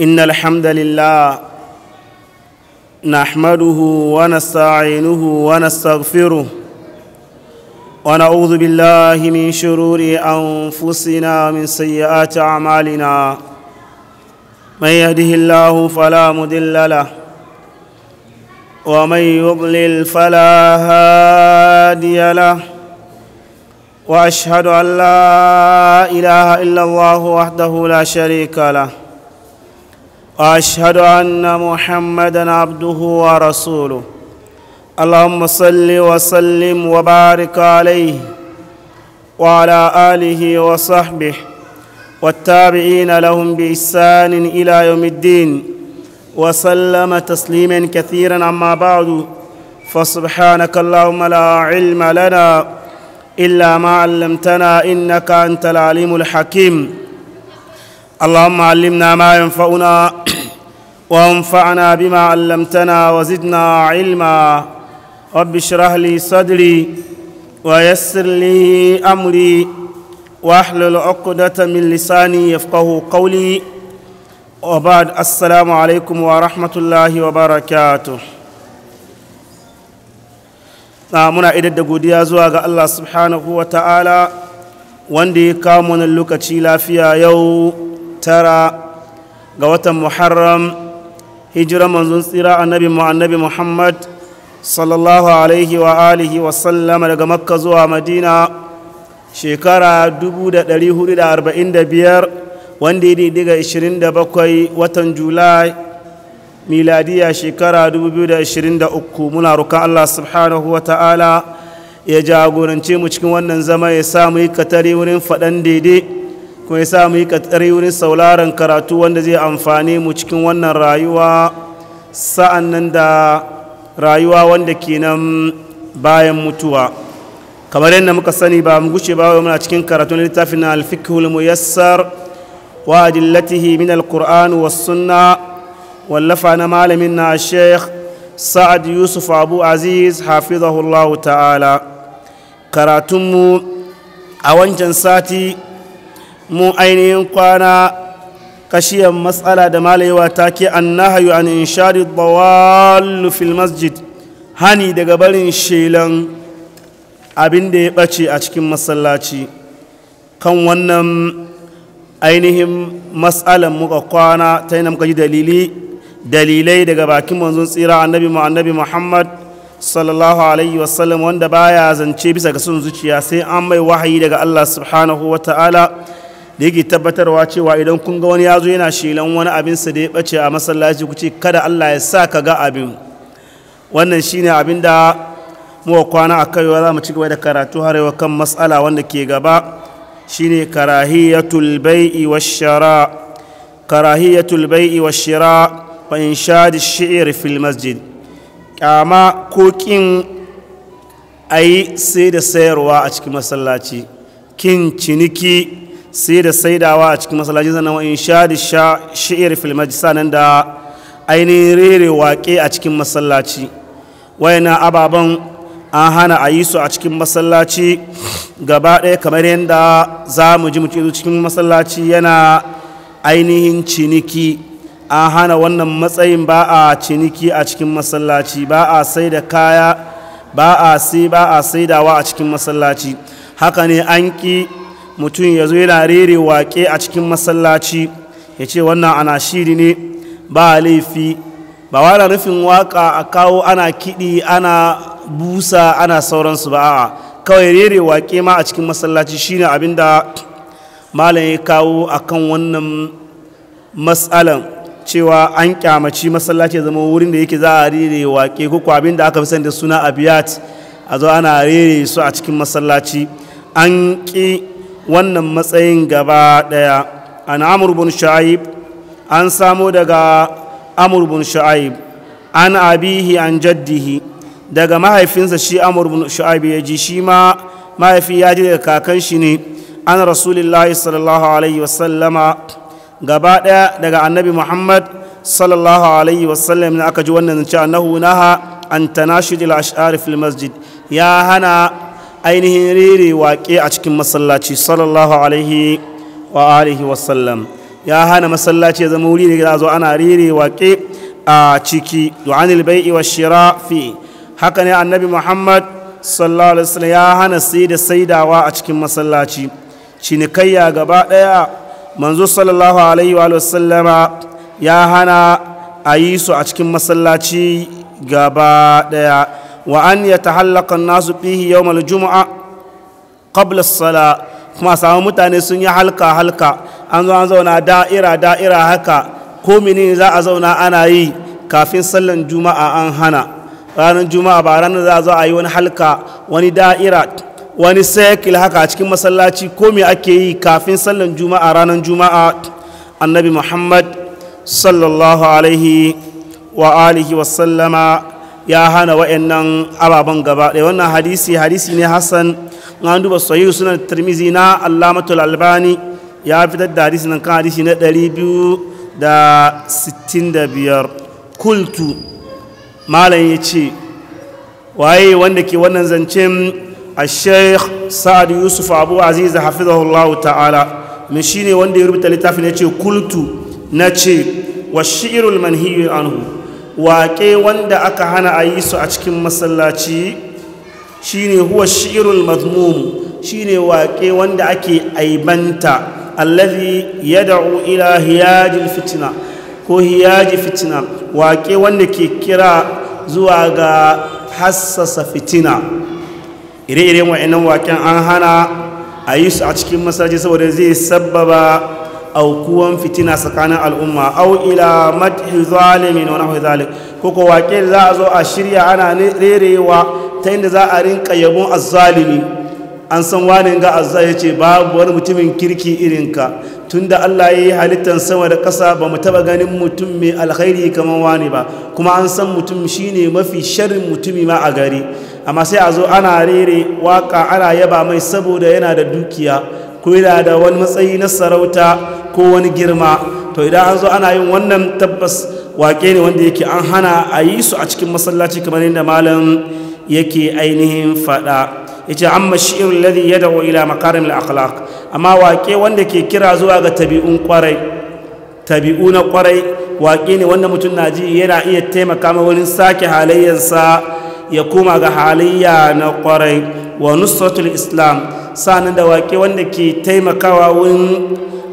إن الحمد لله نحمده ونستعينه ونستغفره ونعوذ بالله من شرور أنفسنا من سيئات أعمالنا من يهده الله فلا مضل له ومن يضلل فلا هادي له واشهد ان لا اله الا الله وحده لا شريك له واشهد ان محمدا عبده ورسوله اللهم صل وسلم وبارك عليه وعلى اله وصحبه والتابعين لهم باحسان الى يوم الدين وسلم تسليما كثيرا اما بعد فسبحانك اللهم لا علم لنا الا ما علمتنا انك انت العليم الحكيم اللهم علمنا ما ينفعنا وانفعنا بما علمتنا وزدنا علما رب اشرح لي صدري ويسر لي امري واحلل عقدة من لساني يفقه قولي وبعد السلام عليكم ورحمة الله وبركاته muna idar da godiya zuwa ga Allah subhanahu wa ta'ala wanda ya kawo mana lokaci lafiya yau tara ga watan muharram hijira manzon tsira annabi mu annabi muhammad sallallahu alaihi wa alihi wa sallama daga makka zuwa madina shekara 1445 wanda ya daga 27 watan julai miladiya shekara 2023 muna rukan allah subhanahu wa ta'ala ya jagorance mu cikin wannan zama ya samu yi katare wurin faɗan daidai kun sa mu yi katsari wurin sauraron karatu wanda zai amfani mu cikin wannan rayuwa sa'an nan da rayuwa wanda ke nan bayan mutuwa kamar yadda muka sani ba mu guce ba muna cikin karatu na littafin na alfikihul muyassar wa adillatihi min alkur'an wa sunna wallafa na malamin na sheikh sa'ad yusuf abu aziz hafizahullahu ta'ala karatunmu a wancan sati mu ainihin kwana kashiyar matsala da malayewa ta ke an nahayu an inshari dawallu fil masjid hani daga barin shelan abin da ya ɓace a cikin masallaci kan wannan ainihin matsalan muka kwana ta yi ji dalili dalilai daga bakin manzon tsira annabi mu annabi muhammad sallallahu alaihi wasallam wanda baya zance bisa ga sun zuciya sai an mai wahayi daga allah subhanahu wa ta'ala da yake tabbatarwa cewa idan kun ga wani yazo yana shelan wani abin sa da ya bace a masallaci ku ce kada Allah ya sa ka ga abin wannan shine abin da muka kwana a kaiwa za mu ci gaba da karatu har yau kan matsala wanda ke gaba shine karahiyatul bai'i washara karahiyatul bai'i washira wa inshadi shi'r fil masjid kama ko kin ayi sai da sayarwa a cikin masallaci kin ciniki sai da saidawa a cikin masallaci nawa wa sha da shi'ir fil nan da ainihin rere waƙe a cikin masallaci wayana ababen an hana a yi su a cikin masallaci gaba ɗaya kamar yadda za mu ji mutu cikin masallaci yana ainihin ciniki an hana wannan matsayin ba a ciniki a cikin masallaci ba a sai da kaya ba a sai ba a saidawa a cikin masallaci haka ne an ƙi mutum ya zo yana rere waƙe a cikin masallaci ya ce wannan ana shiri ne ba laifi ba wani rufin waƙa a kawo ana kiɗi ana busa ana sauransu ba a'a kawai rere waƙe ma a cikin masallaci shine abin da malam ya kawo a kan wannan matsalan cewa an kyamaci masallaci zama wurin da yake za a rere waƙe ko abin da aka fi sani da suna abiyat a zo ana rere su a cikin masallaci an ƙi wannan matsayin gaba ɗaya an amurbin sha'ib an samo daga amurbin sha'ib an abihi an jaddihi daga mahaifinsa shi amurbin sha'ib ya ji shi ma mahaifi ya ji daga kakan shi ne an rasulillahi sallallahu alaihi wasallama gaba ɗaya daga annabi muhammad sallallahu alaihi wasallam ne aka ji wannan zance annahu naha an tanashidil ash'ari fil masjid ya hana ainihin rere waƙe a cikin masallaci sallallahu alaihi wa alihi wasallam ya hana masallaci ya zama wuri da zo ana rere waƙe a ciki du'anil bai'i wa shira fi haka ne annabi muhammad sallallahu alaihi wasallam ya hana sai da saidawa a cikin masallaci cinikayya gaba ɗaya manzo sallallahu alaihi wa sallama ya hana a yi su a cikin masallaci gaba ɗaya وأن يتحلق الناس فيه يوم الجمعة قبل الصلاة kuma samu mutane sun yi halka halka an zo an zauna da'ira da'ira haka ko mini za a zauna ana yi kafin sallan juma'a an hana ranar juma'a ba ranar za a zo a yi wani halka wani da'ira wani sekil haka a cikin masallaci ko me ake yi kafin sallan juma'a ranar juma'a annabi muhammad sallallahu alaihi wa alihi ya hana wa'annan ababen gaba ɗaya wannan hadisi hadisi ne hassan an duba sahih sunan tirmizi na allamatul albani ya fitar da hadisi nan kan hadisi na 265 kultu malam ya ce waye wanda ke wannan zancen a sheikh sa'ad Yusuf abu الشيخ سعد ta'ala mai shi ne wanda ya rubuta littafin ya ce kultu na ce wa shi'irul manhiyu anhu. waƙe wanda aka hana a yi su a cikin masallaci shine huwa shi'irul mazmum ne waƙe wanda ake aibanta allazi da'u ila hiyajin fitina ko hiyaji fitina waƙe wanda ke kira zuwa ga hassasa fitina ire-iren wa'annan waƙen an hana a yi su a cikin masallaci saboda zai sababa. aukuwan fitina tsakanin al'umma au ila madhi zalimin wa nahwi zalik ko waƙe za a zo a shirya ana rerewa ta inda za a rinka yabon azzalimi an san wani ga azza ya ce babu wani mutumin kirki irinka tunda Allah ya yi halittar sama da ƙasa ba mu taɓa ganin mutum mai alkhairi kamar wani ba kuma an san mutum shine mafi sharrin mutumi ma a gari amma sai a zo ana rere waka ana yaba mai saboda yana da dukiya ko yana da wani matsayi na sarauta ko wani girma to idan an zo ana yin wannan tabbas wake ne wanda yake an hana a yi su a cikin masallaci kamar yadda malam yake ainihin faɗa yace amma shi'ir alladhi yad'u ila makarim al-akhlaq amma wake wanda ke kira zuwa ga tabi'un kwarai tabi'u na kwarai wake ne wanda mutum na ji yana iya taimaka ma wurin sake halayyarsa ya koma ga halayya na kwarai wa nusratul islam sanan da wake wanda ke taimakawa wurin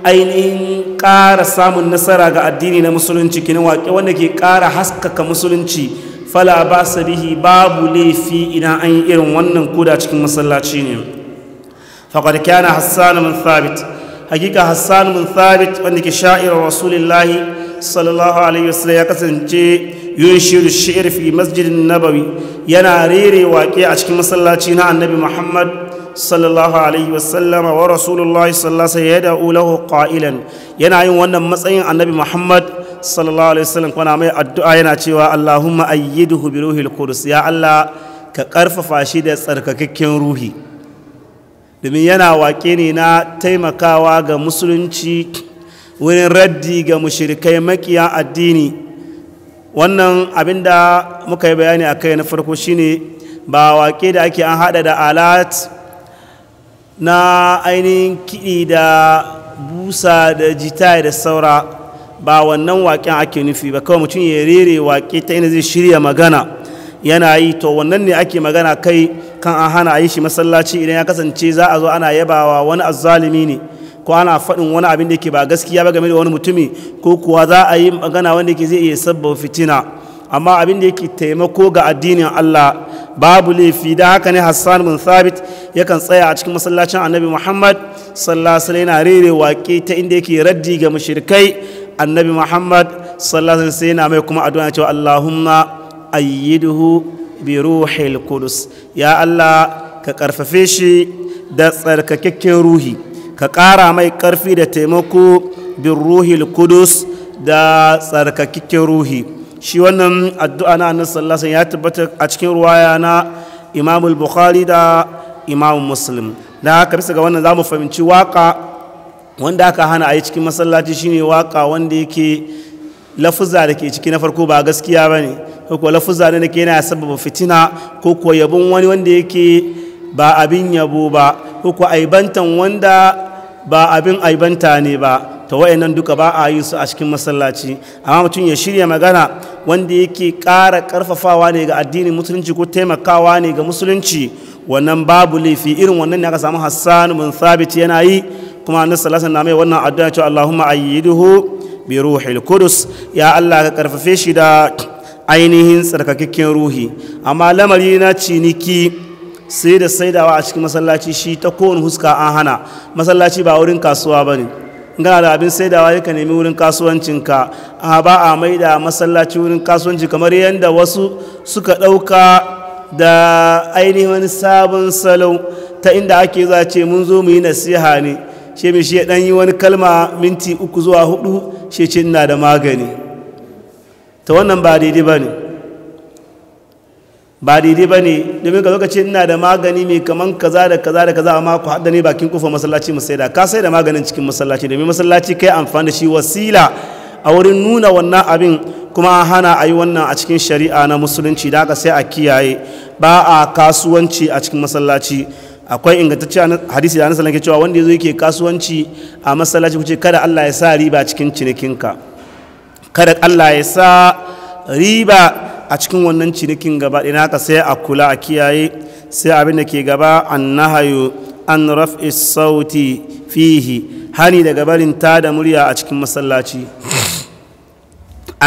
ainihin ƙara samun nasara ga addini na musulunci kinin waƙe wanda ke ƙara haskaka musulunci fala ba bihi babu laifi idan an yi irin wannan kuda cikin masallaci ne faƙar kyana hassan mun thabit hakika hassan mun thabit wanda ke sha'irar rasulullahi sallallahu alaihi wasallam ya kasance shiru shi'ir fi masjidin nabawi yana rere waƙe a cikin masallaci na annabi muhammad Sallallahu alaihi عليه وسلم ورسول الله صلى الله عليه وسلم yin wannan matsayin annabi Muhammad sallallahu alaihi wasallam kana mai addu'a yana cewa Allahumma ayyiduhu bi ruhil qudus ya Allah ka karfafa shi da tsarkakakken ruhi domin yana wake ne na taimakawa ga musulunci wurin raddi ga mushrikai makiya addini wannan abinda muka yi bayani a kai na farko shine ba wake da ake an hada da alat na ainihin kiɗi da busa da jita da saura ba wannan waƙen ake nufi ba kawai mutum ya rere waƙe ta ina zai shirya magana yana yi to wannan ne ake magana kai kan an hana a yi shi masallaci idan ya kasance za a zo ana yabawa wani azzalimi ne ko ana faɗin wani abin da ke ba gaskiya ba game da wani mutumi ko kuwa za a yi magana wanda ke zai iya sabba fitina amma abin da yake taimako ga addinin Allah babu laifi da haka ne hassan bin thabit yakan tsaya a cikin masallacin annabi muhammad sallallahu yana rere waƙe ta inda yake raddi ga mashirkai annabi muhammad sallallahu sai yana mai kuma addu'a cewa allahumma ayyiduhu bi ruhil kudus ya allah ka karfafe shi da tsarkakakken ruhi ka ƙara mai karfi da taimako bin ruhil kudus da tsarkakakken ruhi shi wannan addu'a na annabi sallallahu ya tabbata a cikin ruwaya na Imam bukhari da Imam Muslim da haka bisa ga wannan zamu fahimci waka wanda aka hana a yi cikin masallaci shine waka wanda yake lafuzza da ke ciki na farko ba gaskiya ba ne ko kuwa lafuzza ne ke yana sababa fitina ko kuwa yabon wani wanda yake ba abin yabo ba ko kuwa aibantan wanda ba abin aibanta ne ba ta wayannan duka ba a yi su a cikin masallaci amma mutum ya shirya magana wanda yake ƙara ƙarfafawa ne ga addinin musulunci ko taimakawa ne ga musulunci wannan babu laifi irin wannan ne aka samu hassan mun sabit yana yi kuma na salasa na mai wannan addu'a cewa allahumma ayyidhu bi ruhil qudus ya allah ka karfafe shi da ainihin tsarkakakken ruhi amma lamari na ciniki sai da saidawa a cikin masallaci shi ta kowane huska an hana masallaci ba wurin kasuwa bane gana da abin da waye ka nemi wurin kasuwancinka a ba a da masallaci wurin kasuwanci kamar yadda wasu suka ɗauka da ainihin sabon salo ta inda ake za ce mun zo mu yi nasiha ne shi mai shi ya ɗan yi wani kalma minti uku zuwa hudu shi ce ina da magani ta wannan ba daidai ba ne ba daidai ba ne domin ka zo ina da magani mai kaman kaza da kaza da kaza amma ku haɗa ne bakin kufa masallaci mu saida ka saida maganin cikin masallaci domin masallaci kai amfani da shi wasila a wurin nuna wannan abin kuma hana a yi wannan a cikin shari'a na musulunci da aka sai a kiyaye ba a kasuwanci a cikin masallaci akwai ingantaccen hadisi da anasa ke cewa wanda ya zo yake kasuwanci a masallaci ku ce kada Allah ya sa riba cikin cinikinka kada Allah ya sa riba a cikin wannan cinikin gaba ɗin haka sai a kula a kiyaye sai abin da ke gaba an nahayo an raf'i sauti fihi hani daga barin ta da murya a cikin masallaci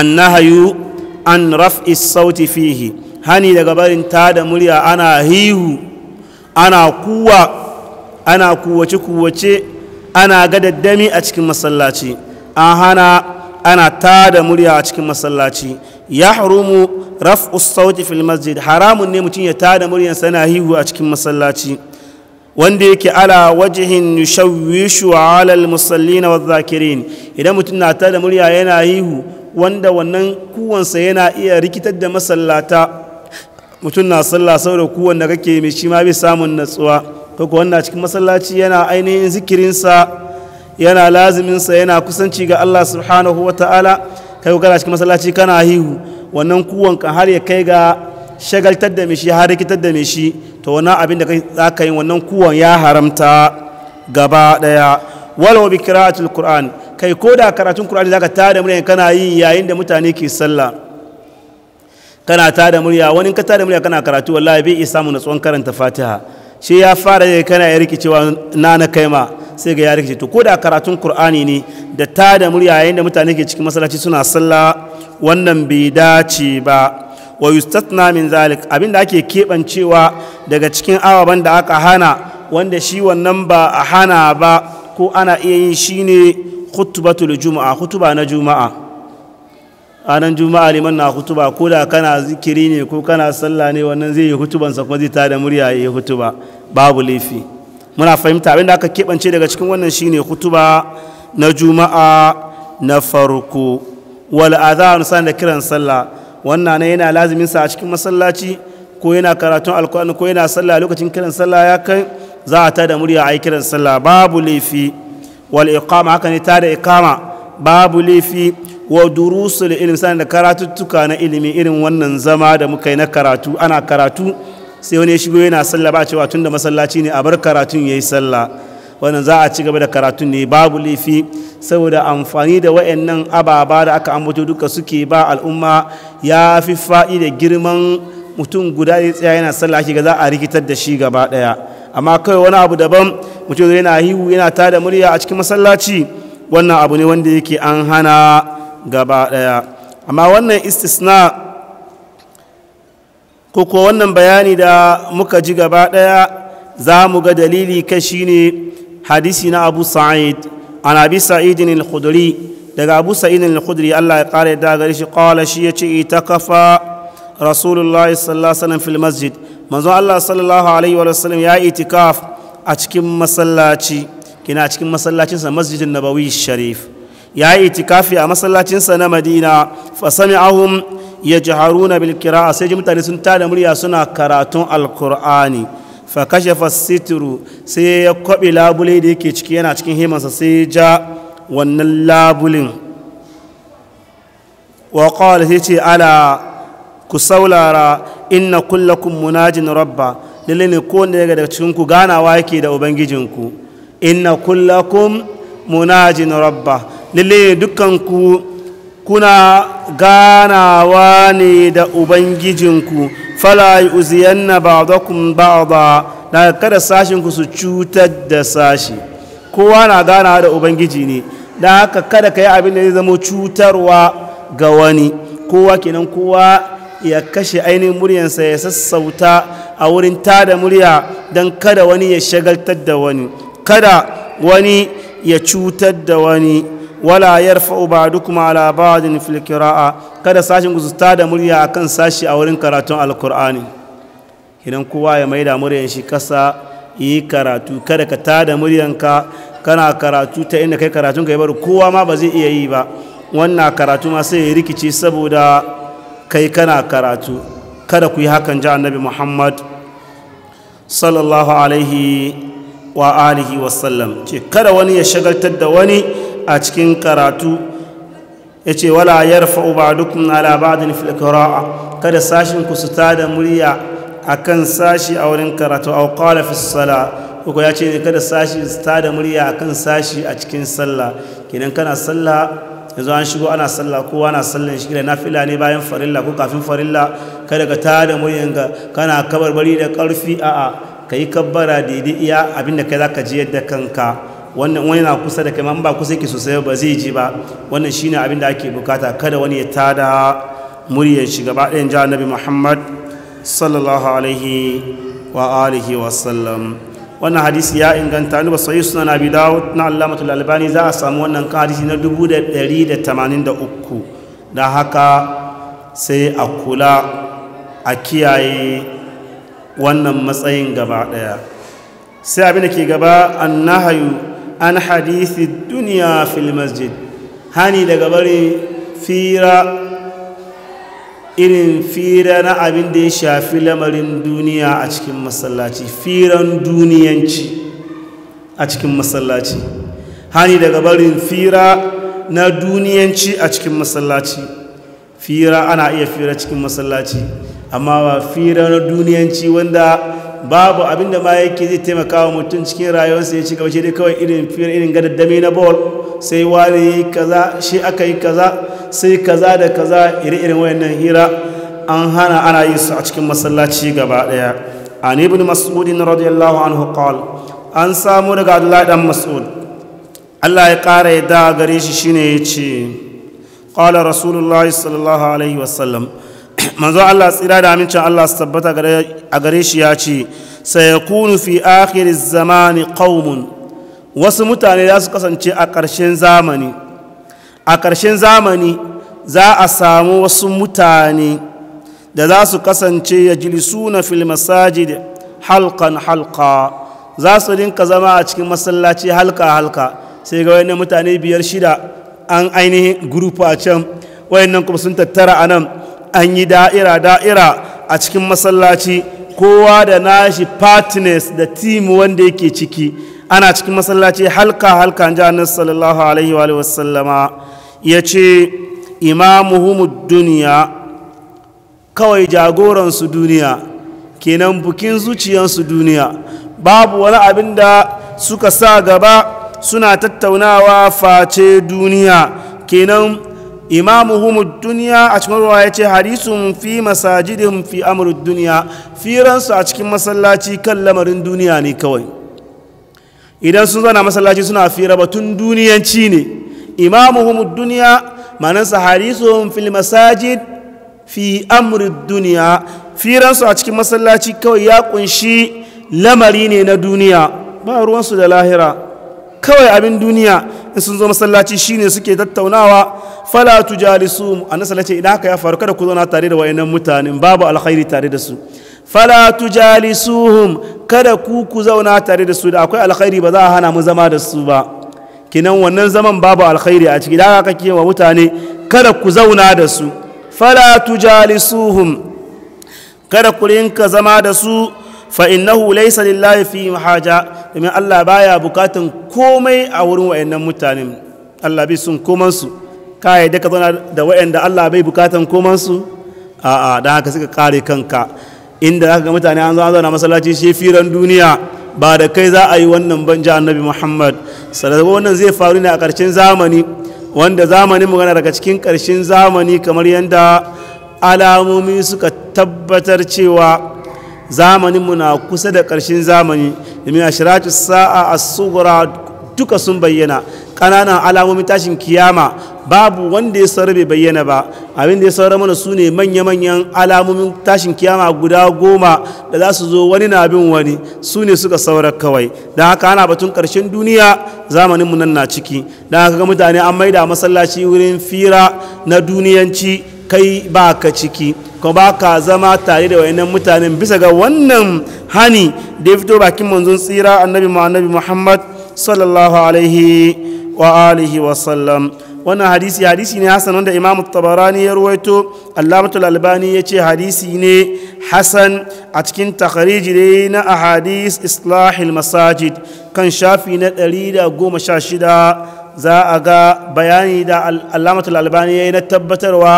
an nahayo an raf'i sauti fihi hani daga barin ta da murya ana hihu ana kuwa ana kuwace kuwace ana gadaddami a cikin masallaci an hana ana ta da murya a cikin masallaci yahrumu raf'u sauti fil masjid haramun ne mutum ya tada muryar sana hihu a cikin masallaci wanda yake ala wajihin yushawishu ala almusallina wadh-dhakirin idan mutum na tada murya yana hihu wanda wannan kuwansa yana iya rikitar da masallata mutum na sallah saboda kuwan da kake mai shi ma bai samun natsuwa koko wanda cikin masallaci yana ainihin zikirinsa yana laziminsa yana kusanci ga Allah subhanahu wa ta'ala kai kana cikin masallaci kana hihu wannan kuwan kan har ya kai ga shagaltar da mishi har rikitar da mishi to wani abin da za ka yi wannan kuwan ya haramta gaba daya walau bi qira'atul qur'an kai ko da karatun qur'ani zaka da murya kana yi yayin da mutane ke sallah kana da murya wani ka da murya kana karatu wallahi bai isa mu natsuwan karanta fatiha shi ya fara da kana ya wa na na kai ma sai ga ya rikice to ko da karatun Kur'ani ne da ta da murya yayin da mutane ke cikin masallaci suna sallah wannan bai dace ba wa yustatna min zalik da ake kebancewa daga cikin awaban da aka hana wanda shi wannan ba a hana ba ko ana iya yin shine khutbatul juma'a khutba na juma'a ranar juma'a liman na hutuba ko da kana zikiri ne ko kana sallah ne wannan zai yi hutubansa kuma zai tada murya ya yi hutuba babu laifi muna fahimta abin da aka keɓance daga cikin wannan shine hutuba na juma'a na farko wal azan san da kiran sallah wannan ne yana lazimin sa a cikin masallaci ko yana karatun alkur'ani ko yana sallah lokacin kiran sallah ya kai za a tada murya a yi kiran sallah babu laifi wal iqama haka ne tada iqama babu laifi wa durusul ilmi sanin da karatuttuka na ilimi irin wannan zama da muka yi na karatu ana karatu sai wani ya shigo yana sallah ba cewa tunda masallaci ne a bar karatun yayi sallah wannan za a ci gaba da karatun ne babu laifi saboda amfani da wayannan ababa da aka ambato duka suke ba al'umma ya fi fa'i da girman mutum guda ya tsaya yana sallah ake ga za a rikitar da shi gaba daya amma kai wani abu daban mutum yana hiwu yana tada murya a cikin masallaci wannan abu ne wanda yake an hana gaba ɗaya amma wannan istisna ko wannan bayani da muka ji gaba za mu ga dalili kashi ne hadisi na abu sa'id an abi sa'idin al-khudri daga abu sa'idin al-khudri Allah ya kare da gari shi qala shi yace itakafa rasulullahi sallallahu alaihi wasallam fil masjid manzo Allah sallallahu alaihi wasallam ya itikaf a cikin masallaci kina cikin masallacin sa masjidin nabawi sharif ya yi itikafi a masallacinsa na madina fasami ahun ya ji na bilkira sai ji mutane sun tada murya suna karatun alkur'ani fa kashe fasituru sai ya kwaɓe labule da yake ciki yana cikin himansa sai ja wannan labulin wa ƙawar sai ce ala ku saulara inna kullakun munajin rabba lalle ne ko wanda daga cikinku ganawa yake da ubangijinku inna kullakun munajin rabba lalle dukanku kuna ganawa ne da ubangijinku fala ba yuziyanna ba ba na kada sashinku su cutar da sashi kowa na ganawa da ubangiji ne da haka kada ka yi abin da zai zama cutarwa ga wani kowa kenan kowa ya kashe ainihin muryansa ya sassauta a wurin tada murya don kada wani ya shagaltar da wani kada wani ya cutar da wani wala duk ba'dukum ala ba'din fil qira'a kada sashin ku zuta da murya a kan sashi a wurin karatun alqur'ani idan kowa ya da muryan shi kasa yi karatu kada ka tada muryanka kana karatu ta inda kai karatun ka kai bar kowa ma ba zai iya yi ba wannan karatu ma sai ya rikice saboda kai kana karatu kada ku yi hakan ji annabi muhammad sallallahu alaihi wa alihi wasallam ce kada wani ya shagaltar da wani a cikin karatu ya ce wala ya rufa ala ba'din fil kada sashin ku su tada murya akan sashi a wurin karatu A qala fi sala ya ce kada sashi su tada murya a kan sashi a cikin sallah kenan kana sallah yanzu an shigo ana sallah kowa na sallah shi na fila ne bayan farilla ko kafin farilla kada ka tada muryanka kana kabarbari da karfi a'a ka yi kabbara daidai iya abinda kai za ka ji yadda kanka wannan wani na kusa da kai ba kusa yake sosai ba zai ji ba wannan shine abin da ake bukata kada wani ya tada muryar shi gaba ɗayan ji annabi muhammad sallallahu alaihi wa alihi wa sallam wannan hadisi ya inganta ni ba sai na bi dawud na allamatul albani za a samu wannan hadisi na 183 da haka sai a kula a kiyaye wannan matsayin gaba ɗaya sai abin da ke gaba an nahayu an hadithi duniya fil masjid hani daga bari fira irin fira na abin da ya shafi lamarin duniya a cikin masallaci firan duniyanci a cikin masallaci hani daga barin fira na duniyanci a cikin masallaci fira ana iya fira cikin masallaci amma ba fira na duniyanci wanda babu abinda ma yake zai taimaka wa mutum cikin rayuwarsa ya ci gaba dai kawai irin fira irin gadaddame na ball sai wani yi kaza shi aka yi kaza sai kaza da kaza iri irin wayannan hira an hana ana yi su a cikin masallaci gaba daya an ibn mas'ud radiyallahu anhu qala an samu daga Abdullahi dan Mas'ud Allah ya kara da gare shi shine yace qala rasulullahi sallallahu alaihi wasallam manzo Allah tsira da amincin Allah su tabbata a gare shi ya ce sayakunu fi akhir zamani qaumun wasu mutane za su kasance a ƙarshen zamani a ƙarshen zamani za a samu wasu mutane da za su kasance ya jilisuna fil masajid halkan halka za su rinka zama a cikin masallaci halka halka sai ga wani mutane biyar shida an ainihin gurupu a can wayannan kuma sun tattara a nan an yi da'ira da'ira a cikin masallaci kowa da nashi partners da team wanda yake ciki ana cikin masallaci halka halka ja annabi sallallahu alaihi wa sallama ya ce imamuhumud duniya kawai jagoransu duniya kenan bukin zuciyansu duniya babu wani abin da suka sa gaba suna tattaunawa face duniya kenan imamuhum duniya a cikin ruwa ya ce harisun fi masajidin fi amurin duniya firansu a cikin masallaci kan lamarin duniya ne kawai idan sun zana masallaci suna fira batun duniyanci ne imamuhum duniya manansa harisun fil masajid fi amurin duniya firansu a cikin masallaci kawai ya kunshi lamari ne na duniya ba ruwansu da lahira kawai abin duniya in sun zo masallaci shine suke tattaunawa fala tujalisu annabi ce, idan haka ya faru kada ku zauna tare da wayannan mutanen babu alkhairi tare da su fala tujalisuhum kada ku ku zauna tare da su da akwai alkhairi ba za a hana mu zama da su ba kinan wannan zaman babu alkhairi a ciki da haka kake wa mutane kada ku zauna da su fala tujalisuhum kada ku rinka zama da su fa innahu laysa lillahi fi haja domin Allah baya bukatun komai a wurin wayannan mutanen Allah bai sun komansu? su kai da ka da wayanda Allah bai bukatun komansu? a'a dan haka suka kare kanka inda aka ga mutane an zo an masallaci shi firan duniya ba da kai za a yi wannan banja annabi Muhammad sallallahu wannan zai faru ne a ƙarshen zamani wanda zamani magana daga cikin ƙarshen zamani kamar yadda alamomi suka tabbatar cewa zamaninmu na kusa da ƙarshen zamani domin a shiratu sa'a a tsogora duka sun bayyana ƙananan alamomin tashin kiyama babu wanda ya saurabe bai bayyana ba abinda ya saura mana su ne manya-manyan alamomin tashin kiyama guda goma da za su zo wani na bin wani su ne suka saura kawai don haka ana batun ƙarshen duniya zamaninmu nan na ciki Da haka ga mutane an maida masallaci wurin fira na duniyanci kai ba ka ciki ko ba ka zama tare da wayannan mutanen bisa ga wannan hani da ya fito bakin manzon tsira annabi annabi muhammad sallallahu alaihi wa alihi wa sallam wannan hadisi hadisi ne hasan wanda imamu tabarani ya ruwaito allamatul albani ya ce hadisi ne hasan a cikin takhariji ne na ahadis islahil masajid kan shafi na ɗari da sha shida. za a ga bayani da allamatul albani ya yi na tabbatarwa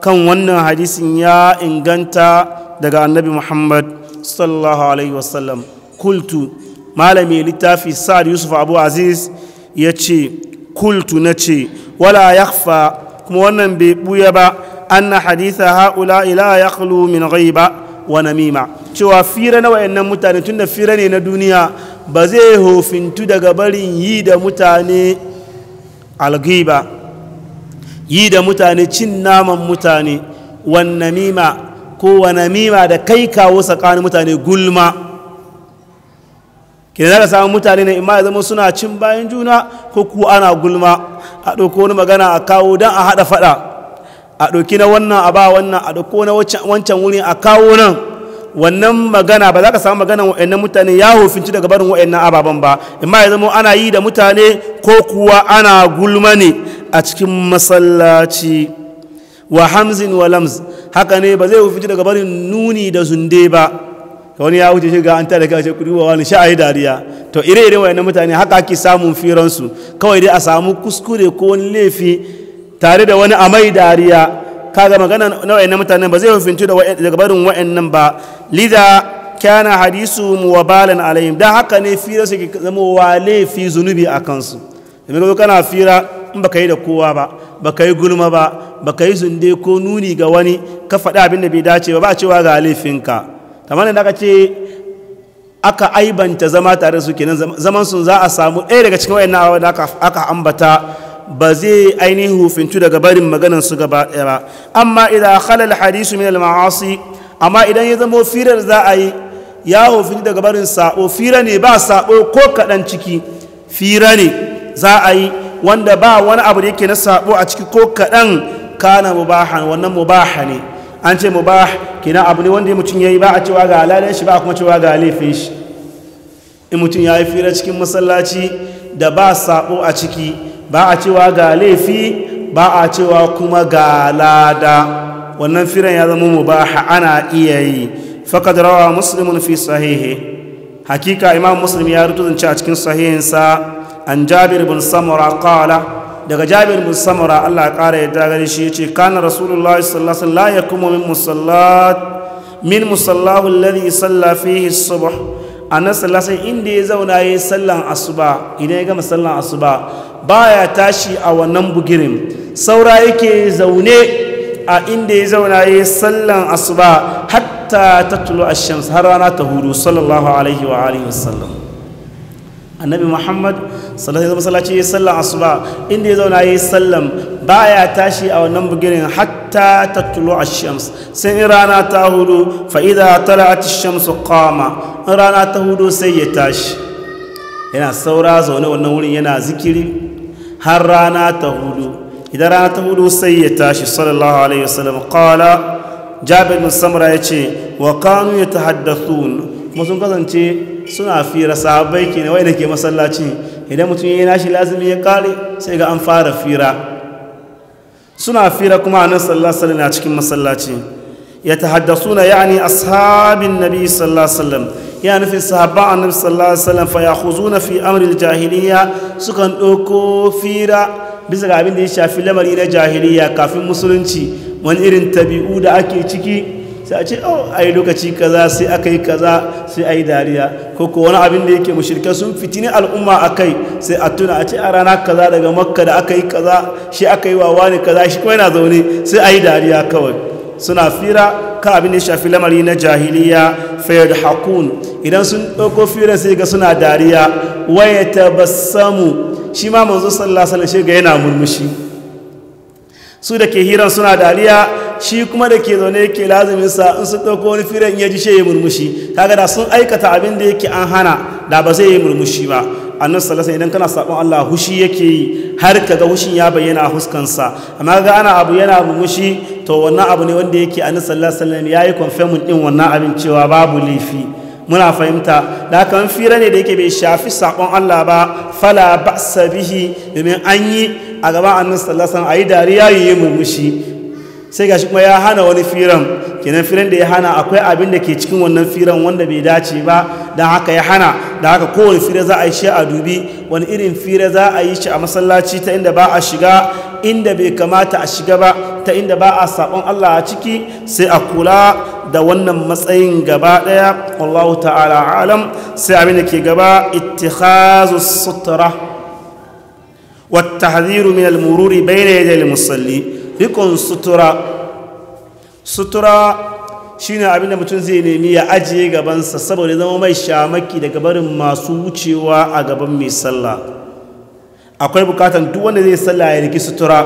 kan wannan hadisin ya inganta daga annabi muhammad sallallahu alaihi wasallam kultu malami littafi sa'ad yusuf abu aziz ya ce kultu na ce wala yakfa kuma wannan bai buya ba an na haditha haula ila yakhlu min ghaiba wa namima cewa fira na wayannan mutane tunda fira ne na duniya ba zai hofintu daga barin yi da mutane alghiba yi da mutane cin naman mutane wan mima ko wa mima da kai kawo tsakanin mutane gulma kina da samun mutane ne imma ya zama suna cin bayan juna ko ku ana gulma a ɗauko wani magana a kawo don a haɗa faɗa a ɗauki na wannan a ba wannan a ɗauko na wancan wurin a kawo nan wannan magana ba za ka samu magana wa'annan mutane ya hufinci daga barin wa'annan ababen ba imma ya zama ana yi da mutane ko kuwa ana gulma ne a cikin masallaci wa hamzin wa lamz haka ne ba zai wufi daga barin nuni da zunde ba wani ya wuce shiga an tare kai shekuru wa wani sha'ayi dariya to ire ire wayannan mutane haka ake samun firansu kawai dai a samu kuskure ko wani laifi tare da wani amai dariya kaga magana na wayannan mutane ba zai wufinci daga barin wayannan ba lida kana hadisu muwabalan alayhim da haka ne firansu ke zama wa laifi zunubi a kansu kana fira in baka yi da kowa ba baka yi gulma ba baka yi zunde ko nuni ga wani ka faɗi abin da bai dace ba ba cewa ga alifinka kamar da aka ce aka aibanta zama tare su kenan zaman sun za a samu ɗaya daga cikin wayannan awa da aka ambata ba zai ainihin hufintu daga barin maganan su gaba ɗaya ba amma idan halal hadisu min al-ma'asi amma idan ya zama firar za a yi ya hufintu daga barin sa'o fira ne ba sa'o ko kaɗan ciki fira ne za a yi wanda ba wani abu da yake na sabo a ciki ko kaɗan kana mubahan wannan mubaha ne an ce mubah kina abu ne wanda mutum ya yi ba a cewa ga halalin shi ba kuma cewa ga laifin shi in mutum ya yi fira cikin masallaci da ba sabo a ciki ba a cewa ga laifi ba a cewa kuma ga lada wannan firan ya zama mubaha ana iya yi faqad rawa musulmin fi sahihi hakika imam musulmi ya rutu zance a cikin sahihinsa an jabir bin samura qala daga jabir bin samura Allah ya kara yadda gare shi yace kana rasulullahi sallallahu alaihi ya kuma yakumu min musallat min musallahu alladhi salla fihi subh annas sallallahu inda ya zauna yi sallan asuba idan ya gama sallan asuba baya tashi a wannan bugirin saura yake zaune a inda ya zauna ya yi sallan asuba hatta ta tulo a shams har rana ta hudu sallallahu alaihi wa alihi wasallam annabi muhammad sallallahu alaihi wasallam sallan asuba inda ya zauna yayi sallam baya tashi a wannan bugirin hatta tatlu ash-shams sai in rana ta hudu fa idha tala'at ash-shams qama in rana ta hudu sai ya tashi yana saura zaune wannan wurin yana zikiri har rana ta hudu idan rana ta hudu sai ya tashi sallallahu alaihi wasallam qala jabir bin samra yace wa kanu yatahaddathun kuma sun kasance suna fira sahabbai ke na waɗanda ke masallaci idan mutum ya yi nashi lazimi ya kare sai ga an fara fira suna fira kuma nan sallasala na cikin masallaci ya ta haddasu na ya'ani ashabin nabi sallasalam ya nufin sahabba annabi sallasalam fa ya huzu na fi amril jahiliya sukan ɗauko fira bisa ga abin da ya shafi lamari na jahiliya kafin musulunci wani irin tabi'u da ake ciki sai a ce oh a yi lokaci kaza sai aka yi kaza sai a yi dariya ko wani abin da yake mashirka sun fitini al'umma a kai sai a tuna a ce a rana kaza daga makka da aka yi kaza shi aka yi wa wani kaza shi kuma yana zaune sai a yi dariya kawai suna fira ka abin da shafi lamari na jahiliya fayar hakun idan sun ɗauko fira sai ga suna dariya waya tabassamu shi ma manzo sallallahu alaihi wasallam ga yana murmushi su da ke hiran suna dariya shi kuma da ke zaune yake lazumin sa in sun ɗauko wani firen ya ji shi ya murmushi kaga da sun aikata abin da yake an hana da ba zai yi murmushi ba annan salasa idan kana sabon Allah hushi yake yi har ka ga hushin ya bayyana a huskansa amma ga ana abu yana murmushi to wannan abu ne wanda yake annan sallallahu alaihi ya yi din wannan abin cewa babu laifi muna fahimta da kan fira ne da yake bai shafi sabon Allah ba fala ba sabihi domin an yi a gaban annan sallallahu a yi dariya yi murmushi sai gashi kuma ya hana wani firan kenan firan da ya hana akwai abin da ke cikin wannan firan wanda bai dace ba da haka ya hana da haka kowane fira za a yi shi a dubi wani irin fira za a yi shi a masallaci ta inda ba a shiga inda bai kamata a shiga ba ta inda ba a sabon Allah a ciki sai a kula da wannan matsayin gaba daya allahu ta'ala alam sai abin da ke gaba ittikhazu sutura wa tahdhiru min al-mururi bayna yaday musalli rikon sutura sutura shine abinda mutum zai nemi ya ajiye gabansa saboda zama mai shamaki daga barin masu wucewa a gaban mai sallah akwai bukatan duk wanda zai sallah ya riki sutura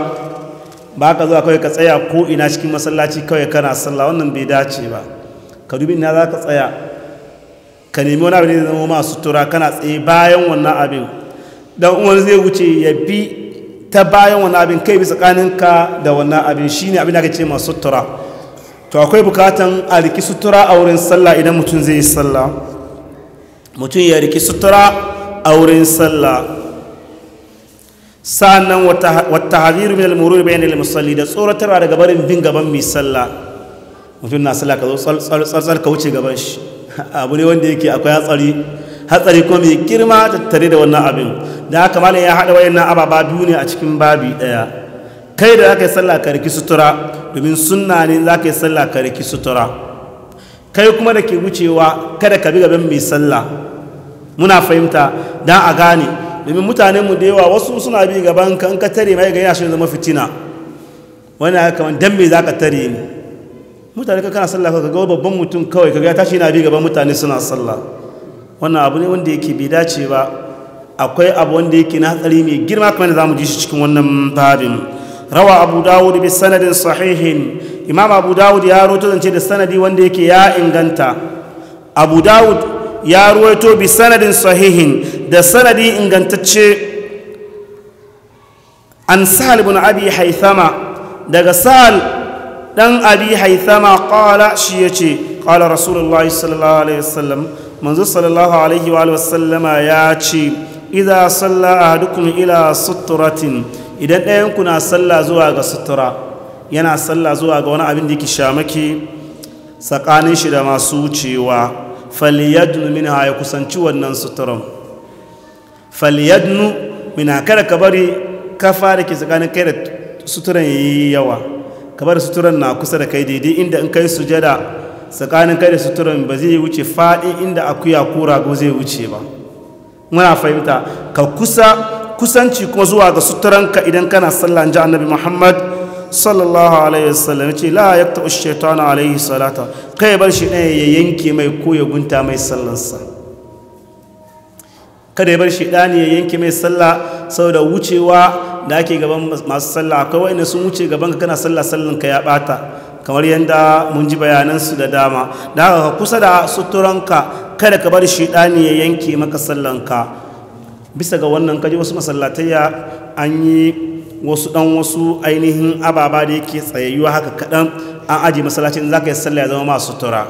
ba ka zo kawai ka tsaya ko ina cikin masallaci kawai kana sallah wannan bai dace ba ka dubi ina za ka tsaya ka nemi wani abin da zama ma sutura kana tsaye bayan wannan abin dan uwan zai wuce ya bi ta bayan wani abin kai bi tsakaninka da wannan abin shi ne abin da aka ce masu sutura to akwai bukatan a riki sutura a wurin sallah idan mutum zai yi sallah mutum ya riki sutura a wurin sallah sa'annan wata hadiru min al da bayan musalli da tsoratarwa daga barin bin gaban mai sallah mutum na sallah ka zo tsaltsal ka wuce gaban shi abu ne wanda yake akwai hatsari hatsari ko mai girma tattare da wannan abin da haka malam ya haɗa wayannan ababa duniya a cikin babi ɗaya kai da zaka yi sallah ka riki sutura domin sunna ne zaka yi sallah ka riki sutura kai kuma da ke wucewa kada ka bi gaban mai sallah muna fahimta dan a gane domin mutanen mu da yawa wasu suna bi gaban ka in ka tare mai ga yana so zama fitina wani ya kamar dan me zaka tare ni mutane ka kana sallah ka ga babban mutum kawai ka ga tashi yana bi gaban mutane suna sallah wannan abu ne wanda yake bai dace ba akwai abu wanda yake na hatsari mai girma kamar da zamu ji shi cikin wannan babin rawa abu dawud bi sanadin sahihin imam abu dawud ya rawaito zance da sanadi wanda yake ya inganta abu dawud ya rawaito bi sanadin sahihin da sanadi ingantacce an sahal ibn abi haythama daga sahal dan abi haythama qala shi yace qala rasulullahi sallallahu alaihi wasallam manzo sallallahu alaihi wa sallama ya ce idan salla dukkan ila suturatin idan ɗayan na salla zuwa ga sutura yana salla zuwa ga wani abin da yake shamaki tsakanin shi da masu wucewa falyadnu mina ya kusanci wannan suturan falyadnu mina kada ka bari kafa da ke tsakanin kai da suturan yayi yawa ka bari suturan na kusa da kai daidai inda in kai sujada tsakanin kai da suturan ba zai wuce faɗi inda akuya kura ba zai wuce ba muna fahimta ka kusa kusanci kuma zuwa ga suturanka idan kana sallah ji annabi muhammad sallallahu alaihi wasallam ce la ya taɓa shaitana alaihi salata kai bar shi ɗaya ya yanke mai ko ya gunta mai sallansa kada ya bar shi ɗani ya yanke mai sallah saboda wucewa da ake gaban masu sallah akwai wa'inda sun wuce gaban ka kana sallah sallan ka ya ɓata kamar yadda mun ji bayanansu da dama da haka kusa da suturanka kada ka bar ɗani ya yanke maka sallanka bisa ga wannan kaji wasu masallatayya an yi wasu ɗan wasu ainihin ababa da yake tsayayyuwa haka kaɗan an aji masallacin za ka yi sallah ya zama masu sutura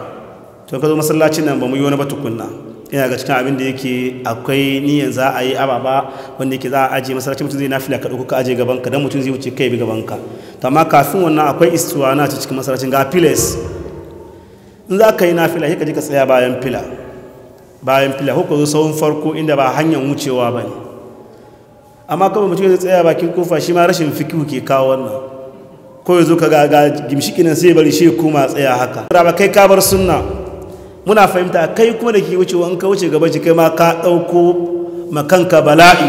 to ka zo masallacin nan ba mu yi wani ba tukunna yana ga cikin abin da yake akwai niyan za a yi ababa wanda yake za a ajiye masallacin mutum zai nafila ka ɗauko ka ajiye ka dan mutum zai wuce kai bi gaban ka. ta ma kafin wannan akwai istuwa na cikin masaracin ga filas in za ka yi na fila ka ji ka tsaya bayan fila bayan fila ko ka zo sauran farko inda ba hanyar wucewa ba ne amma kawai mutum zai tsaya bakin kofa shi ma rashin fikihu ke kawo wannan ko ya zo ka gaga gimshiki nan sai bari shi kuma tsaya haka ba kai ka bar sunna muna fahimta kai kuma da ke wuce wanka wuce gaba ji kai ma ka ɗauko makanka bala'i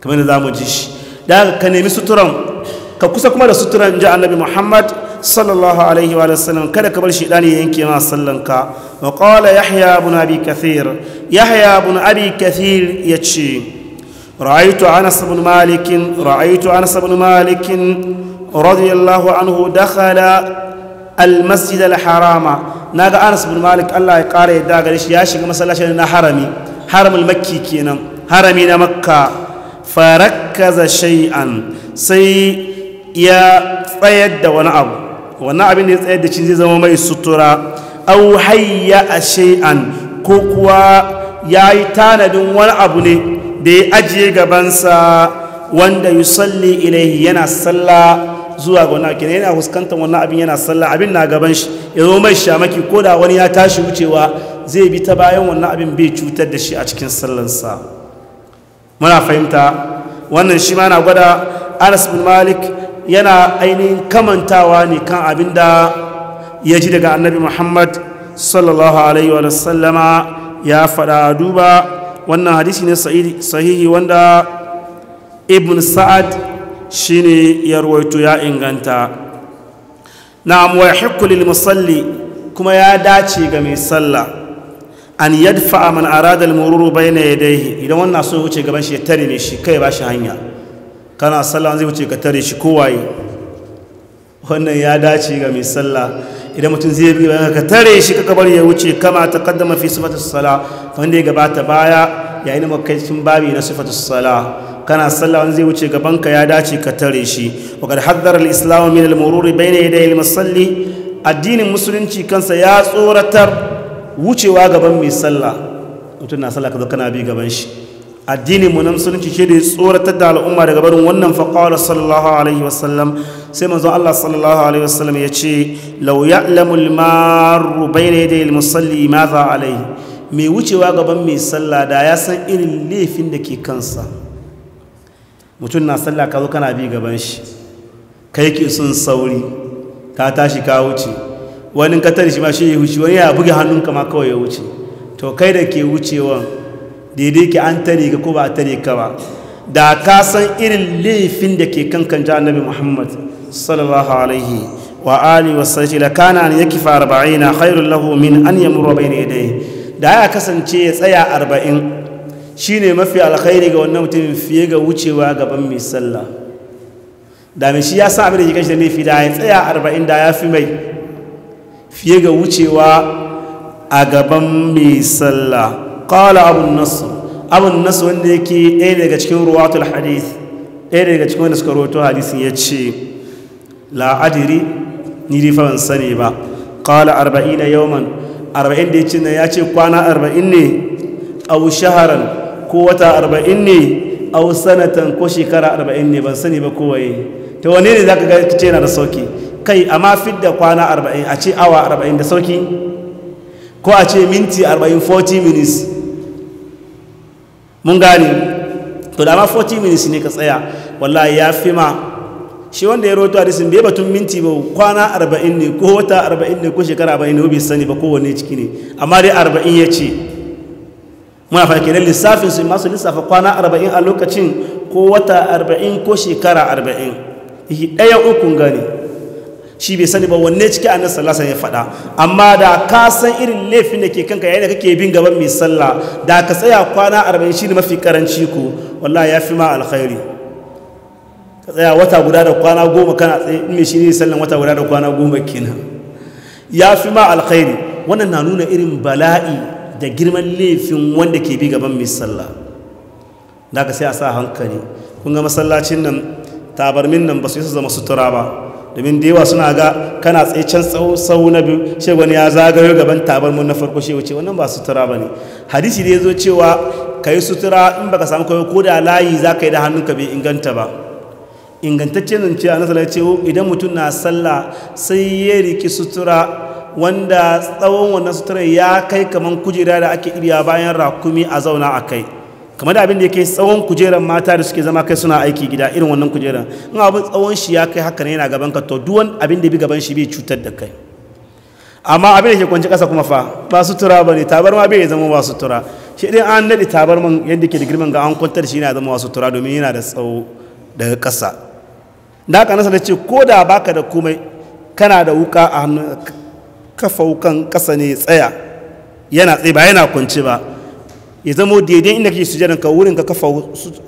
kamar da za mu ji shi da ka nemi suturan ka kusa kuma da suturan ji annabi muhammad sallallahu alaihi wa sallam kada ka bar shi ya yanke ma sallanka wa qala yahya ibn abi kathir yahya ibn abi kathir yace ra'aytu anas ibn malik ra'aytu anas ibn malik radiyallahu anhu dakhala al-masjid al-harama naga anas ibn malik Allah ya kare yadda gare shi ya shiga masallacin na harami haramul makki kenan harami na makka farakkaza shay'an sai ya tsayar da wani abu wannan abin da ya tsayar da shi zai zama mai sutura au hayya a shay'an ko kuwa ya yi tanadin wani abu ne da ya ajiye gabansa wanda yi salli ilaihi yana salla zuwa ga wannan yana fuskantar wani abin yana salla abin na gaban shi ya zo mai shamaki ko da wani ya tashi wucewa zai bi ta bayan wani abin bai cutar da shi a cikin sallansa muna fahimta wannan shi ma na gwada anas bin malik yana ainihin kamantawa ne kan abin da ya ji daga annabi muhammad sallallahu alaihi wa sallama ya faɗa duba wannan hadisi ne sahihi wanda ibn sa'ad shine ya ruwaito ya inganta Na amuwa ya lil musalli kuma ya dace ga mai sallah an yadfa man a al-mururu ya daihe idan wannan so wuce gaban shi ya tare ne shi kai ba shi hanya kana sallah zai wuce ka tare shi kowaye wannan ya dace ga mai sallah idan mutum zai bi ka tare shi ka bar ya wuce kama ta kaddama fi sifatu sala wanda ya gabata baya yayin makaicin babi na sifatu sala kana sallah wanda zai wuce gaban ka ya dace ka tare shi wa kad haddara al-islam min al-murur bayna yaday al-musalli addinin musulunci kansa ya tsoratar wucewa gaban mai sallah mutum na sallah ka zo kana bi gaban shi addini mu na musulunci shi da ya tsoratar da al'umma daga barin wannan faƙawar sallallahu alaihi wasallam sai manzo Allah sallallahu alaihi wasallam ya ce lau ya'lamu al-maru bayna yaday al-musalli madha alaihi mai wucewa gaban mai salla da ya san irin laifin da ke kansa mutum na salla ka zo kana bi gaban shi kai ke sun sauri ka tashi ka wuce wani ka tare shi ma shi ya wuce wani ya buge hannunka ma kawai ya wuce to kai da ke wucewa daidai ke an tare ka ko ba a tare ka ba da ka san irin laifin da ke kankan kanta annabi muhammad sallallahu alaihi wa ali wa sashi la kana an yaki fa arba'ina khairul lahu min an yamurra bayna yadayhi da ya kasance ya tsaya arba'in shine mafi alkhairi ga wannan mutumin fiye ga wucewa gaban mai sallah da mai shi ya sa abin da jikin shi da laifi da ya tsaya arba'in da ya fi mai fiye ga wucewa a gaban mai sallah قال ابو النصر ابو النصر wanda yake ɗaya daga cikin ruwatul hadith ɗaya daga cikin wanda suka rawaito hadisin yace la adri ni dai fa ban sani ba qala 40 yawman 40 da yace na ya kwana 40 ne aw shahran ko wata 40 ne aw sanatan ko shekara 40 ne ban sani ba ko waye to wane ne zaka ga kace yana da sauki kai amma fidda kwana 40 a ce awa 40 da sauki ko a ce minti 40 40 minutes mun gani to da ma 40 minutes ne ka tsaya wallahi ya fi ma shi wanda ya roto hadisin bai batun minti ba kwana 40 ne ko wata 40 ne ko shekara 40 ne bai sani ba kowanne ciki ne amma dai 40 ya ce muna fa kenan lissafin su masu lissafa kwana 40 a lokacin ko wata 40 ko shekara 40 ɗaya ukun gani shi bai sani ba wanne ciki a nan alaihi ya faɗa amma da ka san irin laifin da ke kanka yayin da kake bin gaban mai sallah da ka tsaya kwana shi ne mafi karanci ko wallahi fi ma alkhairi ka tsaya wata guda da kwana goma kana tsaye in mai ne sallan wata guda da kwana goma kenan fi ma alkhairi wannan na nuna irin bala'i da girman laifin wanda ke bi gaban mai sallah da ka sai a sa hankali kun ga masallacin nan tabarmin nan ba su yi su zama sutura ba domin da yawa suna ga kana tsaye can tsawo na biyu shi wani ya zagayo gaban mun na farko shi wuce wannan ba sutura ba ne hadisi da ya zo cewa ka yi sutura in baka samu kawai ko da layi za ka yi da hannunka bai inganta ba ingantacce nan ce a nasala ce idan mutum na sallah sai ya riki sutura wanda tsawon wannan sutura ya kai kamar kujera da ake iriya bayan rakumi a zauna a kai kamar da abin da yake tsawon kujeran mata da suke zama kai suna aiki gida irin wannan kujeran in abin tsawon shi ya kai haka ne yana gaban ka to duwan abin da bi gaban shi bai cutar da kai amma abin da ke kwanci kasa kuma fa ba sutura ba ne tabar ma bai zama ba sutura shi dai an nade tabar man yadda ke da girman ga an kwantar shi yana zama ba sutura domin yana da tsawo daga kasa da haka nasa da ce ko da baka da komai kana da wuka a hannun kafa wukan kasa ne tsaya yana tsaye ba yana kwanci ba ya zama daidai inda kake sujadan ka wurin ka kafa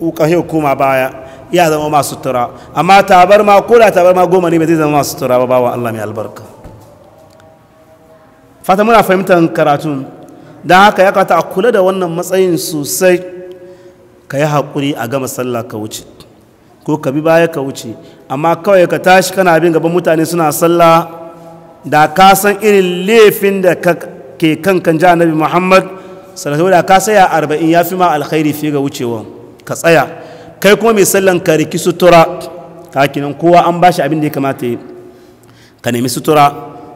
wuka hewa koma baya ya zama masu sutura amma tabar ma ko da tabar ma goma ne ba zai zama masu sutura ba bawa Allah mai albarka fata muna fahimtar karatun don haka ya kata a kula da wannan matsayin sosai ka yi haƙuri a gama sallah ka wuce ko ka bi baya ka wuce amma kawai ka tashi kana bin gaban mutane suna sallah da ka san irin laifin da ke kankan ji annabi muhammad sanatu da ka saya arba'in ya fi ma alkhairi fiye ga wucewa ka tsaya kai kuma mai sallan ka riki sutura ka kowa an ba shi abin da ya kamata yi ka nemi sutura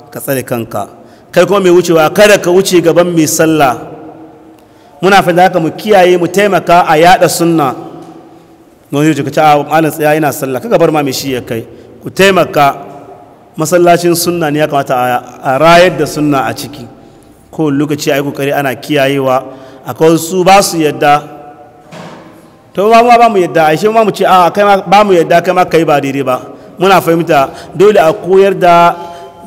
ka tsare kanka kai kuma mai wucewa kada ka wuce gaban mai sallah muna fahimta haka mu kiyaye mu taimaka a yada sunna wani yau ci a malam tsaya yana sallah kaga bar ma mai shi ya kai ku taimaka masallacin sunna ne ya kamata a rayar da sunna a ciki ko lokaci a yi kokari ana kiyayewa akwai su ba su yadda to ba mu ba mu yadda a shi ma mu ce a kai ba mu yadda kai ma kai ba daidai ba muna fahimta dole a koyar da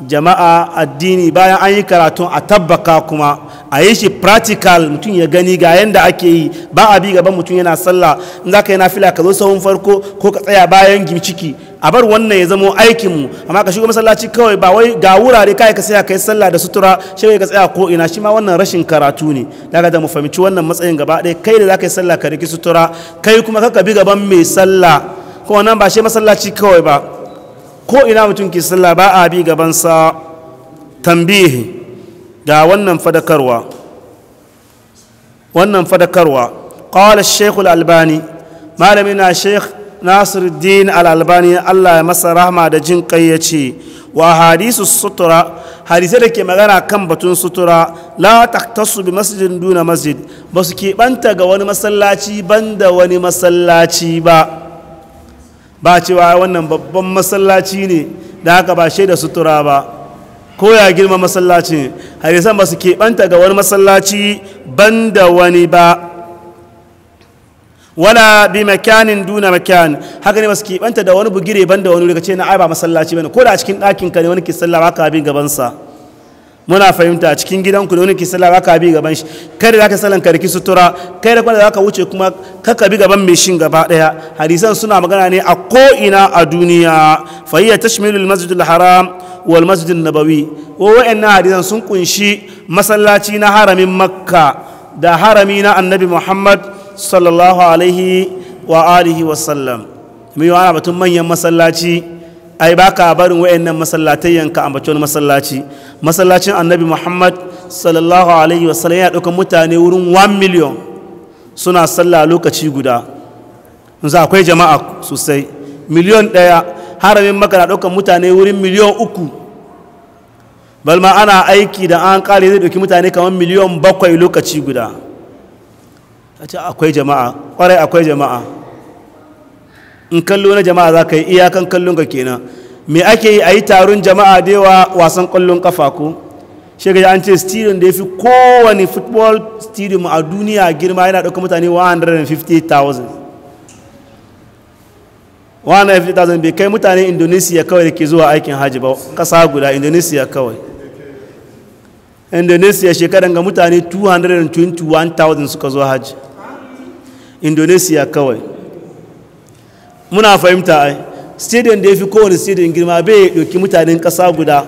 jama'a addini bayan an yi karatun a tabbaka kuma a yi shi practical mutum ya gani ga yadda ake yi ba a bi gaban mutum yana sallah in za ka yi fila ka zo sahun farko ko ka tsaya bayan gimciki a bar wannan ya zamo aikinmu amma ka shigo masallaci kawai ba wai ga wurare kai ka tsaya kai sallah da sutura shi ka tsaya ko ina shi ma wannan rashin karatu ne daga da mu fahimci wannan matsayin gaba ɗaya kai da zaka yi sallah ka riki sutura kai kuma ka bi gaban mai sallah ko wannan ba shi masallaci kawai ba ko ina mutum ke sallah ba a bi gaban sa tambihi ga wannan fadakarwa wannan fadakarwa qala al-shaykh al-albani malamin na shaykh nasiruddin al'albani allah ya masa rahama da jin kai ya ce wa hadisu sutura hadisai da ke magana kan batun sutura la taktasu bi masjidin duna masjid ba su keɓanta ga wani masallaci ban da wani masallaci ba ba cewa wannan babban masallaci ne da haka ba shaida sutura ba ko ya girma masallaci hadisan ba su keɓanta ga wani masallaci ban da wani ba wala bi makanin duna makan haka ne masu kibanta da wani bugire ban da wani daga ce na ai ba masallaci bane ko da a cikin ɗakin ka ne wani ke sallah baka bi gaban sa muna fahimta a cikin ku ne wani ke sallah baka bi gaban shi kai da zaka sallan karki sutura kai da kwanda zaka wuce kuma kaka bi gaban mai shin gaba daya hadisan suna magana ne a ko ina a duniya fa hiya tashmilul masjidil haram wal masjidin nabawi wa wa'annan hadisan sun kunshi masallaci na haramin makka da harami na annabi muhammad sallallahu alaihi wa alihi sallam mai yi ana batun manyan masallaci ai ba ka barin wa'annan masallatai yanka ambaci wani masallaci masallacin annabi muhammad sallallahu alaihi wa sallam ya ɗaukar mutane wurin 1 miliyon suna sallah lokaci guda za akwai jama'a sosai miliyon ɗaya haramin maka na ɗaukar mutane wurin miliyon uku balma ana aiki da an ƙare zai ɗauki mutane kamar miliyon bakwai lokaci guda ta ce akwai jama'a kwarai akwai jama'a in kallo na jama'a za ka yi iyakan kallon ka kenan me ake yi a yi taron jama'a da yawa wasan kwallon kafa ko shekaru an ce stadium da ya fi kowane football stadium a duniya girma yana ɗauka mutane 150,000 150,000 bai kai mutane indonesia kawai da ke zuwa aikin hajji ba ƙasa guda indonesia kawai indonesia shekaran ga mutane 221,000 suka zo hajji indonesia kawai muna fahimta ai stadium da ya fi kowane stadium girma bai ɗauki mutanen ƙasa guda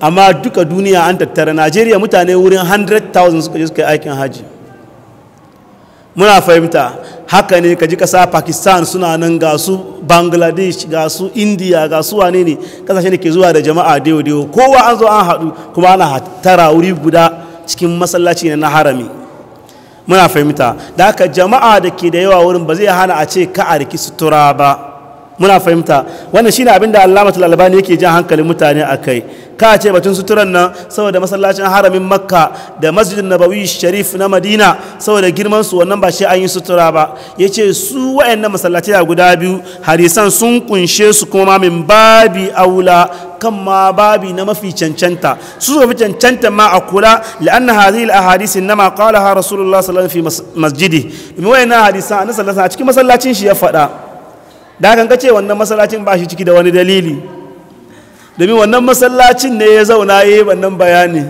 amma duka duniya an tattara najeriya mutane wurin 100,000 suka je suka yi aikin haji muna fahimta haka ne ka ji ƙasa pakistan suna nan ga su bangladesh ga su india ga su wane ne ƙasashen da ke zuwa da jama'a dewa kowa an zo an haɗu kuma ana tara wuri guda cikin masallaci na harami muna fahimta da haka jama'a da ke da yawa wurin ba zai hana a ce ka a riki sutura ba muna fahimta wannan shine abin da Allamatul Albani yake jan hankalin mutane akai ka ce batun suturan nan saboda masallacin haramin Makka da Masjidin Nabawi Sharif na Madina saboda girman su wannan ba shi an yi sutura ba Ya ce su wayannan a guda biyu harisan sun kunshe su kuma min babi aula kan ma babi na mafi cancanta su zo fi cancanta ma a kula la'anna hadhihi al-ahadith inma qalaha rasulullah sallallahu alaihi wasallam fi masjidi domin wayannan hadisan annabi sallallahu alaihi wasallam a cikin masallacin shi ya faɗa da kan kace wannan masallacin ba shi ciki da wani dalili domin wannan masallacin ne ya zauna ya yi wannan bayani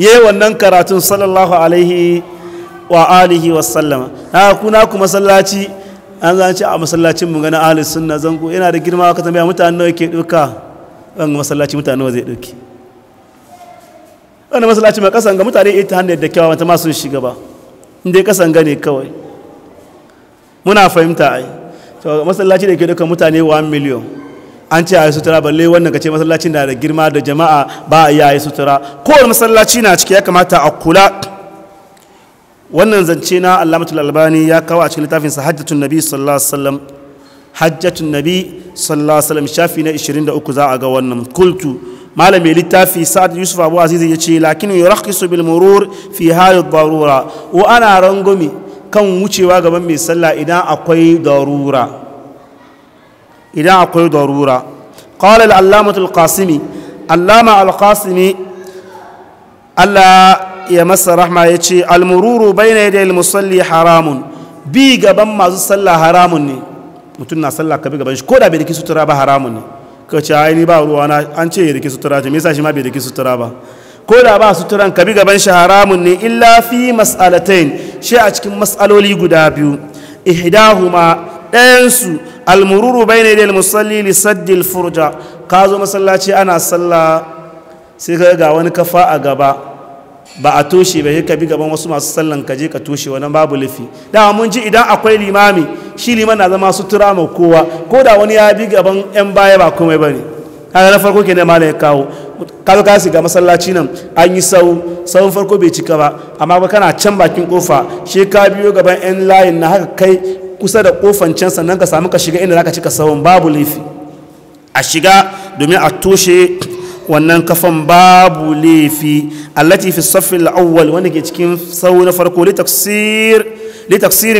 ya yi wannan karatun sallallahu alaihi wa alihi wa sallama na kuna ku masallaci an ci a masallacin mu gana ahli sunna zango yana da girma ka tambaya mutane nawa yake duka wannan masallaci mutane nawa zai duki wannan masallaci mai kasan ga mutane ita hannu da kyawa ta ma sun shiga ba inda kasan gane kawai muna fahimta ai so masallaci da ke duka mutane 1 million an ce a yi sutura balle wannan ka ce masallacin na da girma da jama'a ba a yi a yi sutura kowane masallaci na ciki ya kamata a kula wannan zance na allamatul albani ya kawo a cikin littafin sa hajjatun nabi sallallahu alaihi wasallam hajjatun nabi sallallahu alaihi wasallam shafi na 23 za a ga wannan kultu malami littafi sa'ad yusuf abu azizi ya ce lakin yurakhisu bil murur fi halid darura wa ana rangumi kan wucewa gaban mai sallah idan akwai darura idan akwai darura qala al-allamatu qasimi allama al-qasimi Allah ya masa rahma yace al-mururu bayna yaday al-musalli haramun bi gaban masu sallah haramun ne mutum na sallah ka bi gaban shi ko da bai riki sutura ba haramun ne ka ce ai ni ba ruwa na an ce ya riki sutura ce me yasa shi ma bai riki sutura ba ko da ba suturan ka bi gaban shi haramun ne illa fi mas'alatain shi a cikin matsaloli guda biyu ihdahuma ɗayansu almururu bai ne da musalli lissaddil furja ka zo masallaci ana salla sai ka ga wani kafa a gaba ba a toshe ba ka bi gaban wasu masu sallan ka je ka toshe wani babu lafi dama mun ji idan akwai limami shi liman na zama sutura ma kowa ko da wani ya bi gaban yan baya ba komai ba ne kaga na farko kenan ya kawo kaga ka shiga masallaci nan an yi sau sau farko bai cika ba amma ba kana can bakin kofa shi ka biyo gaban yan layin na haka kai kusa da kofan can sannan ka samu ka shiga inda zaka cika sauran babu laifi a shiga domin a toshe wannan kafan babu laifi allati fi saffin awwal wanda ke cikin sau na farko litaksir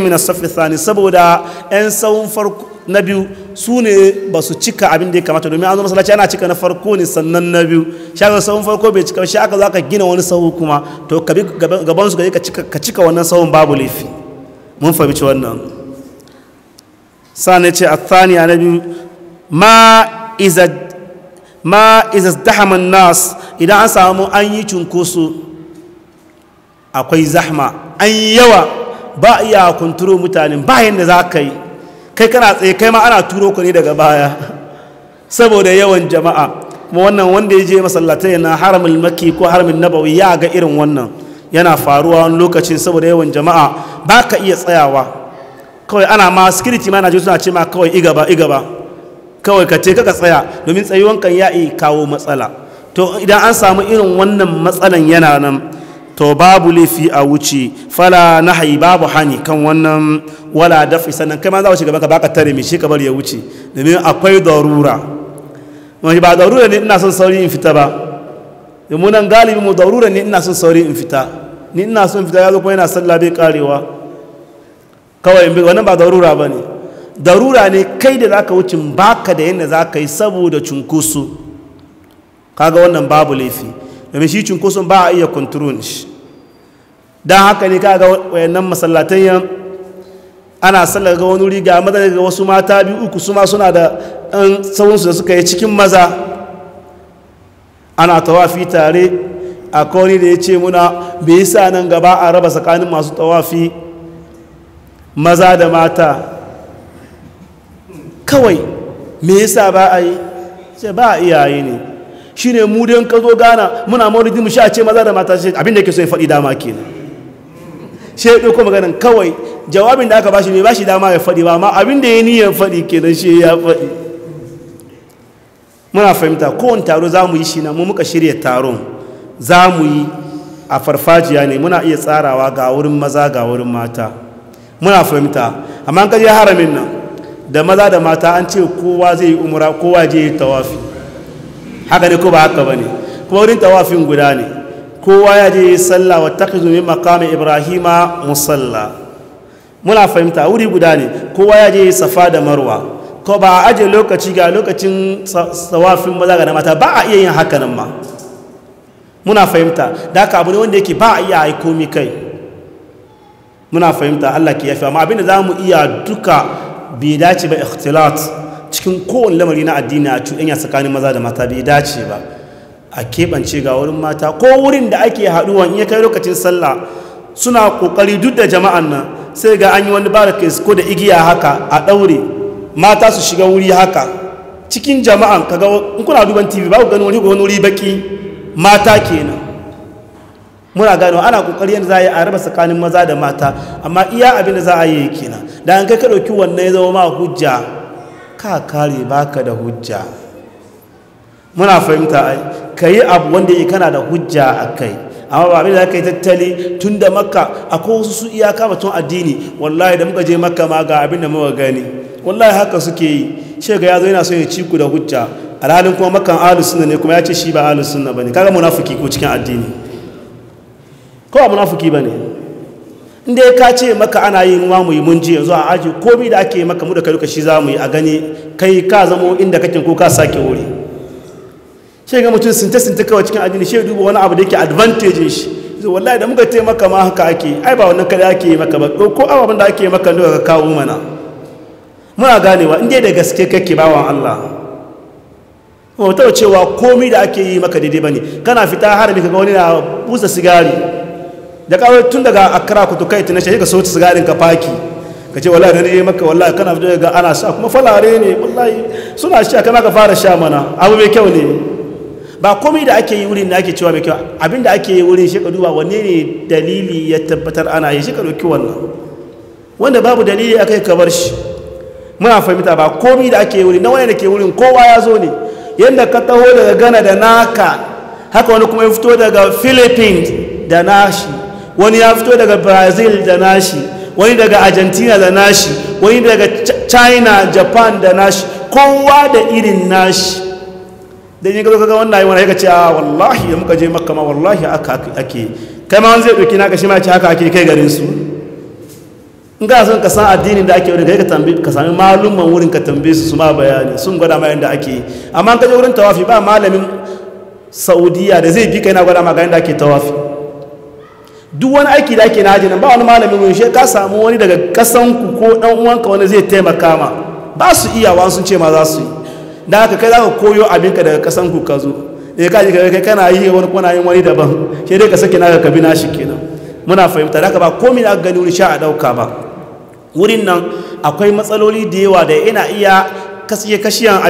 min as thani saboda yan sau farko na biyu su ne ba su cika abin da ya kamata domin an zo masallaci ana cika na farko ne sannan na biyu shi aka sahun farko bai cika shi aka ka gina wani sahu kuma to gabansu bi gaban su ka cika wannan sahun babu laifi mun fahimci wannan ya ce a athaniya na biyu ma iza dahaman nas idan an samu an yi cunkoso akwai zahma an yawa ba iya kunturo mutane bayan da za ka yi kai kana tsaye kai ma ana turo ku ne daga baya saboda yawan jama'a kuma wannan wanda ya je masallatai na haramin maki ko haramin nabawi ya ga irin wannan yana faruwa wani lokacin saboda yawan jama'a ba ka iya tsayawa kawai ana ma security ma na suna ce ma kawai igaba igaba kawai ka ce kaka tsaya domin tsayuwan kan ya kawo matsala to idan an samu irin wannan matsalan yana nan to babu laifi a wuce fala na hayi babu hani kan wannan wala dafi sannan kai ma za a shiga baka baka tare mai shi bari ya wuce domin akwai darura wani ba darura ne ina son sauri in fita ba domin nan galibi mu darura ne ina son sauri in fita ni ina son fita ya zo kuma yana sallah bai karewa kawai in bi wannan ba darura ba ne darura ne kai da za ka wuce baka da yadda za ka yi saboda cunkoso kaga wannan babu laifi domin shi cunkoson ba a iya kontrol shi don haka ne kaga wayannan yan ana sallar ga wani riga maza ga wasu mata biyu uku su ma suna da ɗan tsawonsu da suka yi cikin maza ana tawafi tare a kawai da ya ce muna bai sa nan gaba a raba tsakanin masu tawafi maza da mata kawai me yasa ba a yi ce ba a iyaye ne shi mu dai ka zo gana muna maulidi mu sha ce maza da mata shi abin da yake so ya faɗi dama kenan shi ya ɗauko maganin kawai jawabin da aka bashi bai bashi dama ya faɗi ba amma abin da ya niyan faɗi kenan shi ya faɗi muna fahimta kowane taro za mu yi shi na mu muka shirya taron za mu yi a farfajiya ne muna iya tsarawa ga wurin maza ga wurin mata muna fahimta amma an kaje haramin nan da maza da mata an ce kowa zai yi umura kowa je yi tawafi haka ne ko ba haka bane kuma wurin tawafin guda ne kowa ya je sallah wa takhzu min maqami ibrahima musalla muna fahimta wuri guda ne kowa ya je safa da marwa ko ba aje lokaci ga lokacin tawafin maza ga mata ba a iya yin haka nan ma muna fahimta da haka abu ne wanda yake ba a iya ai komi kai muna fahimta Allah ke yafi amma abinda zamu iya duka bai dace ba ikhtilat cikin kowane lamari na addini a cuɗanya tsakanin maza da mata bai dace ba a keɓance ga wurin mata ko wurin da ake haɗuwa in ya kai lokacin sallah suna ƙoƙari duk da jama'an nan sai ga an yi wani barakis ko da igiya haka a ɗaure mata su shiga wuri haka cikin jama'an kaga in kuna duban tv ba ku gani wani wani wuri baki mata kenan muna gano ana kokari yadda za a yi a raba tsakanin maza da mata amma iya abin da za a yi kenan da an kai ka ɗauki wannan ya zama ma hujja ka kare baka da hujja muna fahimta ai ka yi abu wanda ya kana da hujja a kai amma ba abin da kai yi tattali tun da makka akwai wasu su iyaka batun addini wallahi da muka je makka ma ga abin da muka gani wallahi haka suke yi shega ya zo yana so ya ci ku da hujja alhalin kuma makkan ahlus sunna ne kuma ya ce shi ba ahlus sunna bane kaga munafiki ko cikin addini ko munafiki bane inda ya kace maka ana yin wa mu yi mun ji yanzu a aji komai da ake maka mu da kai duka shi za mu yi a gani kai ka zamo inda kake ko ka sake wuri shi ga mutum sinte sinte kawai cikin addini shi duba wani abu da yake advantage shi zai wallahi da muka ce maka ma haka ake ai ba wannan kada ake yi maka ba ko ababen da ake maka ne ka kawo mana muna ganewa inda da gaske kake bawan Allah wata cewa komi da ake yi maka daidai ba ne kana fita harami ga wani na busa sigari da kawai tun daga akara kutu kai tuna shi ka so ta sigarin ka faki ka ce wallahi ne maka wallahi kana fito ga ana sha kuma falare ne wallahi suna sha kana ka fara sha mana abu mai kyau ne ba komai da ake yi wurin da ake cewa mai kyau abin da ake yi wurin shi ka duba wanne ne dalili ya tabbatar ana yi shi ka dauki wannan wanda babu dalili akai ka bar shi muna fahimta ba komai da ake yi wurin na wani da ke wurin kowa ya zo ne yadda ka taho daga gana da naka haka wani kuma ya fito daga philippines da nashi wani ya fito daga brazil da nashi wani daga argentina da nashi wani daga china japan da nashi kowa da irin nashi ah, da yi wani na yi wani ya ce a wallahi ya muka je makama ma wallahi aka ake kai ma wani zai ɗauki naka shi ma ce haka ake kai garin su in ga son ka san addinin da ake wurin kai ka sami malumman wurin ka tambaye su su ma bayani sun gwada ma yadda ake amma ka je wurin tawafi ba malamin saudiya da zai bi kai na gwada ma ga yadda ake tawafi duk wani aiki da ake na nan ba wani malami mun she ka samu wani daga kasanku ko dan uwanka wani zai taimaka ma ba su iyawa sun ce ma za su yi da haka kai za ka koyo ka daga kasanku ka zo da eh, ka ji kai kana yi wani kwana yin wani daban shi dai ka sake naka ka bi na shi kenan muna fahimta da ba komai da aka gani wuri sha a dauka ba wurin nan akwai matsaloli da yawa da ina iya kasiye kashiyan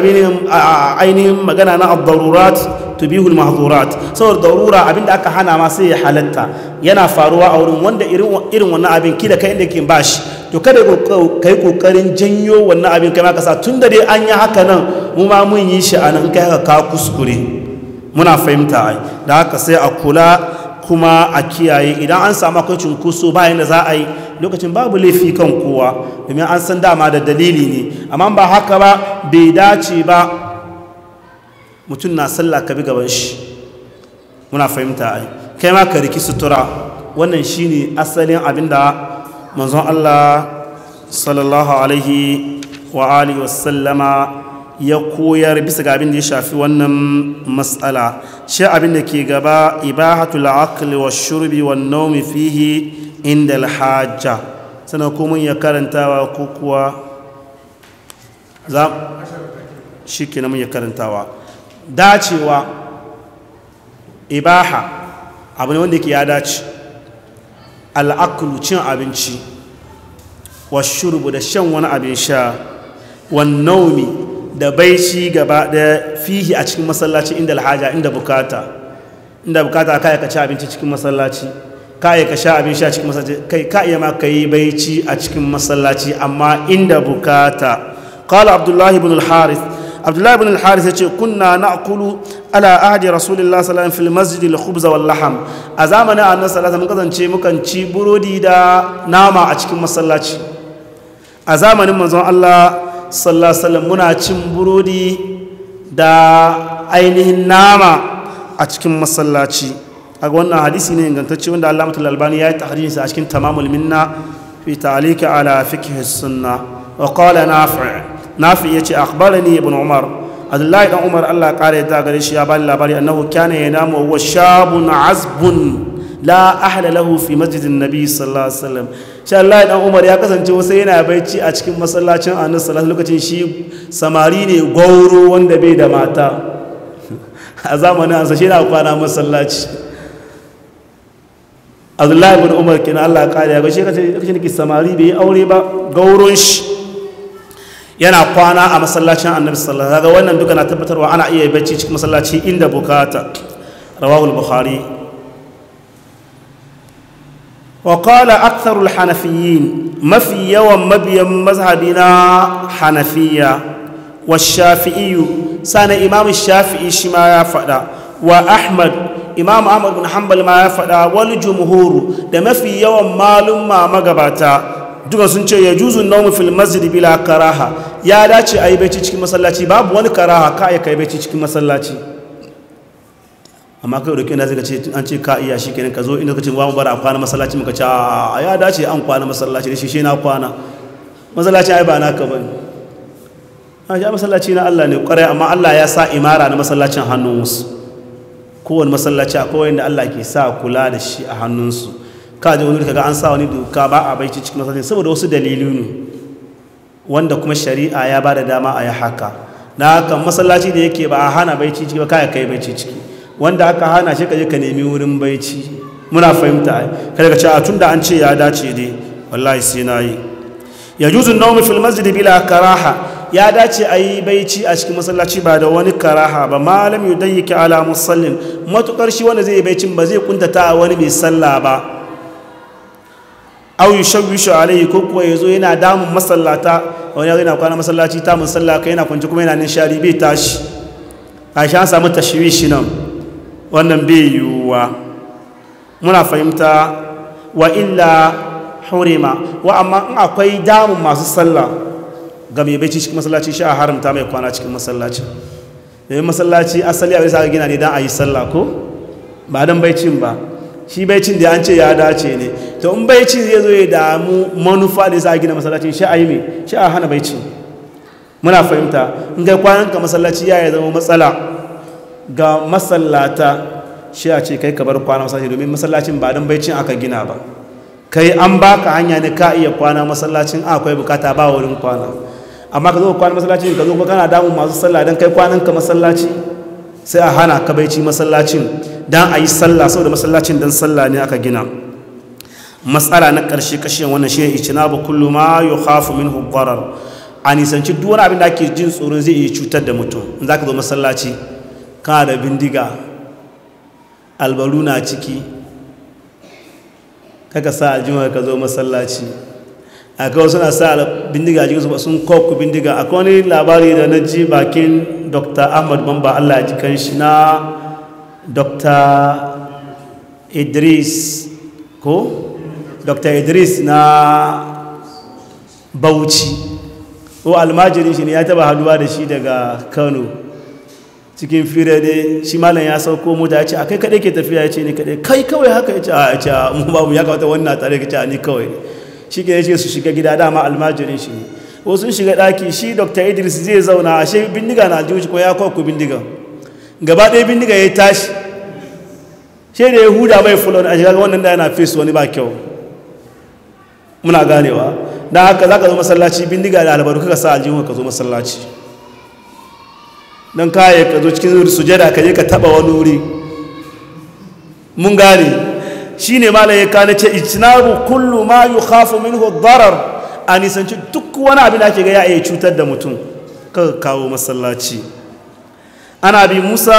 ainihin magana na ad-darurat tubihul mahdurat saboda darura abin da aka hana ma sai ya halatta yana faruwa a wurin wanda irin wannan abin kila kai inda ke bashi to kada kai kokarin janyo wannan abin kai ma ka sa tun da dai an yi haka nan mu ma mun yi shi a kai haka ka kuskure muna fahimta ai da haka sai a kula kuma a kiyaye idan an samu akwai cunkoso bayan da za a yi lokacin babu laifi kan kowa domin an san dama da dalili ne amma ba haka ba bai dace ba mutum na sallah ka bi gaban shi muna fahimta a yi kai ma ka riki sutura wannan shi ne asalin abin da manzon Allah sallallahu alaihi wa wasallama ya koyar bisa ga abin da ya shafi wannan matsala shi abin da ke gaba ibahatul aqli wa shurbi wa naumi, fihi inda alhajja sana kuma ya karantawa ko kuwa za shi ke mun ya karantawa dacewa ibaha abu ne wanda ke ya dace al'akulu cin abinci wa shurbu da shan wani abin sha wa naumi da shi gaba daya fihi a cikin masallaci inda alhaja inda bukata inda bukata ka ka ci abinci cikin masallaci ka ka sha abin sha cikin masallaci kai ka iya ma kai ci a cikin masallaci amma inda bukata kala abdullahi bin alharis abdullahi bin alharis ya ce kunna na na'kulu ala ahadi rasulillah salam fil masjid al-khubz wal laham a zamanin annabi sallallahu alaihi wasallam kasance mukan ci burodi da nama a cikin masallaci a zamanin manzon Allah sallasallam muna cin burodi da ainihin nama a cikin masallaci a wannan hadisi ne ingantacce wanda alamatul albani ya yi tahrijinsa a cikin tamamul minna fi ta'alika ala fiqh sunna wa qala nafi' nafi yace akhbarani ibn umar abdullahi dan umar Allah ya kare da gare shi ya bani labari annahu kana yanamu wa shabun azbun la ahla lahu fi masjidin nabi sallallahu alaihi wasallam sha Allah dan Umar ya kasance wasu yana baici a cikin masallacin Annabi sallallahu lokacin shi samari ne gauro wanda bai da mata a zamanin ansa shi yana kwana masallaci Abdullahi ibn Umar kina Allah ya kare ya ga shi kace lokacin da samari bai aure ba gauron shi yana kwana a masallacin Annabi sallallahu alaihi wasallam wannan duka na tabbatarwa ana iya bacci cikin masallaci inda bukata rawahu al-Bukhari wa qala aktharul hanafiyin mafi yawan mabiyan mazhabi na hanafiya wa shafi'iyu sana imam shafi'i shi ma ya faɗa wa ahmad imam ahmad bin hanbal ma ya faɗa wal jumhur da mafi yawan malumma magabata duka sun ce ya juzu naumu fil masjid bila karaha ya dace a yi bacci cikin masallaci babu wani karaha ka ya kai cikin masallaci amma kai da kina zaka ce an ce ka iya shi kenan ka zo inda kace ba mu bara kwana masallaci muka ce a ya dace an kwana masallaci shi shi na kwana masallaci ai ba na ka bane a ja masallaci na Allah ne kware amma Allah ya sa imara na masallacin hannun wasu kowane masallaci akwai wanda Allah ke sa kula da shi a hannunsu ka ji wani kaga an sa wani doka ba a baici cikin masallacin saboda wasu dalilu ne wanda kuma shari'a ya ba da dama a yi haka na haka masallaci da yake ba a hana baici ciki ba kai kai baici ciki wanda aka hana shi ka ka nemi wurin baici muna fahimta kada ka ce a tunda an ce ya dace dai wallahi sai na yi ya juzu nawmi fil masjid bila karaha ya dace a yi baici a cikin masallaci ba da wani karaha ba malam yudayyika ala musallin matukar shi wanda zai yi baicin ba zai kuntata a wani mai salla ba au yushawishu alayhi ko kuwa yazo yana damun masallata wani yana kwana masallaci ta musalla kai yana kwance kuma yana nishari bai tashi a an samu tashwishi nan wannan bai yiwuwa muna fahimta wa illa hurima wa amma in akwai damun masu sallah ga mai bai cikin masallaci shi a haramta mai kwana cikin masallaci domin masallaci asali a bisa gina ne don a yi sallah ko ba don baicin ba shi baicin da an ce ya dace ne to in baicin zai zo ya damu manufa da za a gina masallacin shi a yi mai shi a hana cin muna fahimta in kai kwanan ka masallaci ya ya zama matsala ga masallata shi a ce kai ka bar kwana masallaci domin masallacin ba don baicin aka gina ba kai an baka hanya ne ka iya kwana masallacin akwai bukata ba wurin kwana amma ka zo kwana masallacin ka zo ka kana damun masu sallah don kai kwanan ka masallaci sai a hana ka baici masallacin don a yi sallah saboda masallacin don sallah ne aka gina matsala na ƙarshe kashe wannan shi ne ba kullu ma hafu min darar a nisanci duk wani abin da ake jin tsoron zai iya cutar da mutum in za ka zo masallaci kana da bindiga albaru na ciki kaka sa aljihun ka zo masallaci akwai wasu na sa bindiga a jikinsu sun koku bindiga a wani labari da na ji bakin dr ahmad bamba allah jikan shi na dr idris ko dr idris na bauchi ko almajirin shi ne ya taba haduwa da shi daga kano cikin fira dai shi malam ya sauko mota ya ce a kai kaɗai ke tafiya ya ce ni kaɗai kai kawai haka ya ce a ce a mu ya kawata wannan tare ka ce a ni kawai shi ke yace su shiga gida dama almajirin shi wasu shiga ɗaki shi dr idris zai zauna a shi bindiga na aljihu ko ya ku bindiga gaba ɗaya bindiga ya tashi shi ne ya huda mai fulon a shiga wannan da yana fesu wani ba kyau muna ganewa da haka za ka zo masallaci bindiga da albaru kaka sa aljihun ka zo masallaci don kaya ka zo cikin sujada ka je ka taba wani wuri mun gane shi ne malaye ka na ce ijtinabu kullu ma hafi min hudarar a nisanci duk wani abin da ake ga ya iya cutar da mutum ka kawo masallaci ana bi musa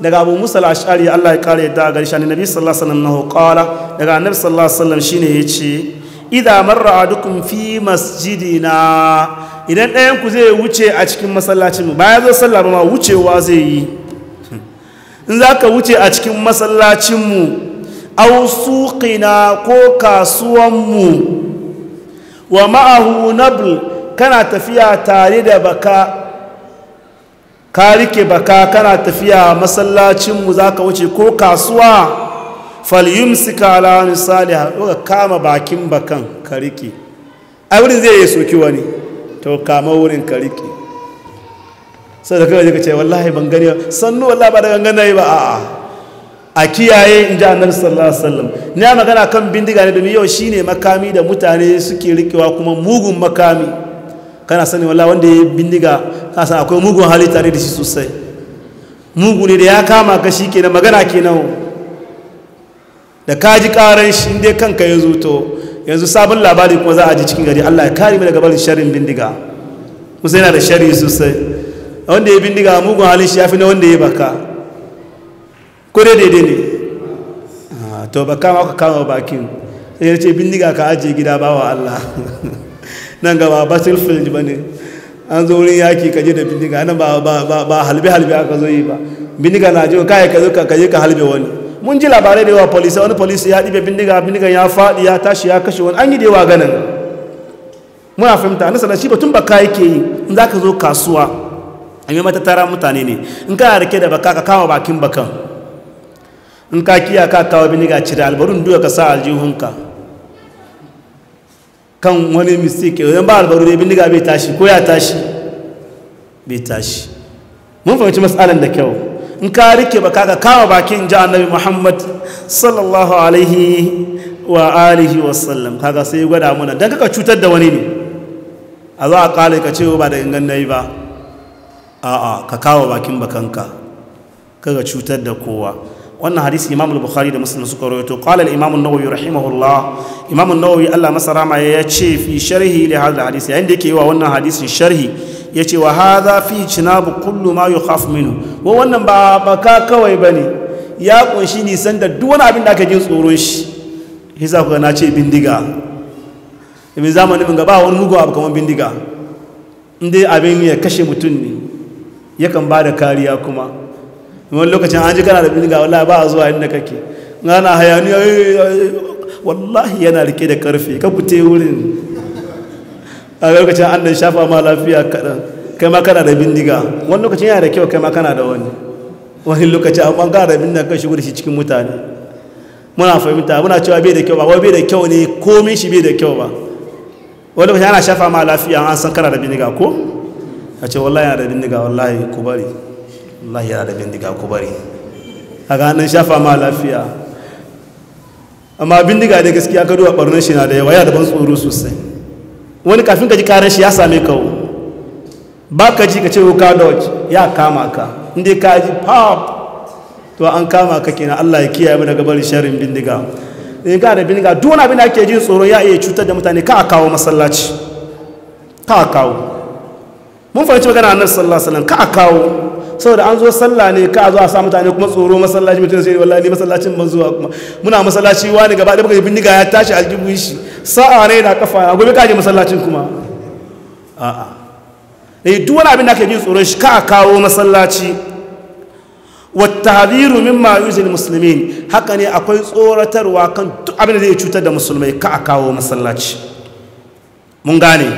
daga abu musa al'ashari Allah ya kare da gari shani nabi sallallahu alaihi wasallam qala daga annabi sallallahu alaihi wasallam shine yace idza marra dukkan fi masjidina idan ɗayanku zai wuce a cikin masallacin mu bayan zo sallah ma wucewa zai yi in za ka wuce a cikin masallacin mu au suqina ko kasuwanmu wa ma'ahu nabl kana tafiya tare da baka ka rike baka kana tafiya masallacinmu za ka wuce ko kasuwa falyumsika ala nisaliha ka kama bakin bakan ka rike abin zai yi soki wani to kama wurin ka riƙe sai da kawai ka ce wallahi ban gani sannu wallahi ba da gangana yi ba a a kiyaye in ji annabi sallallahu alaihi wasallam na magana kan bindiga ne domin yau shine makami da mutane suke rikewa kuma mugun makami kana sani walla wanda ya bindiga ka san akwai mugun hali tare da shi sosai mugu ne da ya kama ka shi kenan magana kenan da ka ji karan shi inda kanka ya zuto yanzu sabon labari kuma za a ji cikin gari Allah ya kari mai daga barin sharin bindiga musa yana da shari sosai wanda ya bindiga mugun halin shi ya fi na wanda ya baka ko dai daidai ne ah, to ba kama ka kama bakin sai ya ce bindiga ka ajiye gida ba wa Allah nan gaba battlefield ba ne an zo wurin yaki ka je da bindiga nan ba halbe halbe aka zo yi ba bindiga na jiwa kai ka zo ka je ka halbe wani mun ji labarai da yawa polisai wani polisi ya ɗibe bindiga bindigan ya faɗi ya tashi ya kashe wani an yi da yawa ganin muna fahimta na sanar shi batun baka yake yi in za ka zo kasuwa a yi mata tara mutane ne in ka rike da baka ka kama bakin bakan in ka kiya ka kawo bindiga cire albarun duka ka sa aljihunka kan wani mistake yau ba albaru ne bindiga bai tashi ko ya tashi bai tashi mun fahimci matsalan da kyau in ka rike ba kaga kawo bakin ji annabi muhammad sallallahu alaihi wa alihi wasallam kaga sai gwada muna don kaka cutar da wani ne a za a kala ka ce ba da ingan na ba ba a'a ka kawo bakin bakanka kaga cutar da kowa wannan hadisi imam al-bukhari da muslim suka rawaito qala al-imam an-nawawi rahimahullah imam an-nawawi Allah masa ya ce fi sharhi li hadha al-hadisi yayin da yake yi wa wannan hadisin sharhi ya ce wa haza fi cinabu kullu ma yi minu wa wannan ba baka kawai ba ne ya kunshi nisan da duk wani abin da ake jin tsoron shi hisa kuka na ce bindiga domin zamanin bin gaba wani mugu abu kamar bindiga inda abin ya kashe mutum ne yakan ba da kariya kuma wani lokacin an ji kana da bindiga wallahi ba a zuwa inda kake ngana hayaniya eh, eh, eh, wallahi yana rike da karfe ka fite wurin a lokacin an da shafa ma lafiya kaɗan kai ma kana da bindiga wani lokacin yana da kyau kai ma kana da wani wani lokacin amma kana da bindiga kai shigo da shi cikin mutane muna fahimta muna cewa bai da kyau ba wai bai da kyau ne komai shi bai da kyau ba wani lokacin ana shafa ma lafiya an san kana da bindiga ko a ce wallahi yana da bindiga wallahi ku bari wallahi yana da bindiga ku bari a ga an shafa ma lafiya amma bindiga da gaskiya ka duba ɓarnar shi na da yawa ya da ban tsoro sosai wani kafin ka ji karan shi ya same ka ba ka ji ka ce ka dodge ya kama ka inda ka ji pop to an kama ka kenan Allah ya kiyaye mu daga barin sharrin bindiga in ga da bindiga duk wani abin da ake jin tsoro ya iya cutar da mutane ka kawo masallaci ka kawo mun fahimci magana annabi sallallahu alaihi wasallam ka kawo saboda an zo sallah ne ka zo a sa mutane kuma tsoro masallaci mutum sai wallahi ni masallacin ban zuwa kuma muna masallaci wani gaba da baka bindiga ya tashi aljibun shi sa'a ne da kafa gobe ka masallacin kuma a'a eh duk wani abin da yi jin tsoron shi ka kawo masallaci wattahadiru mimma yuzil muslimin haka ne akwai tsoratarwa kan duk abin da zai cutar da musulmai ka a kawo masallaci mun gane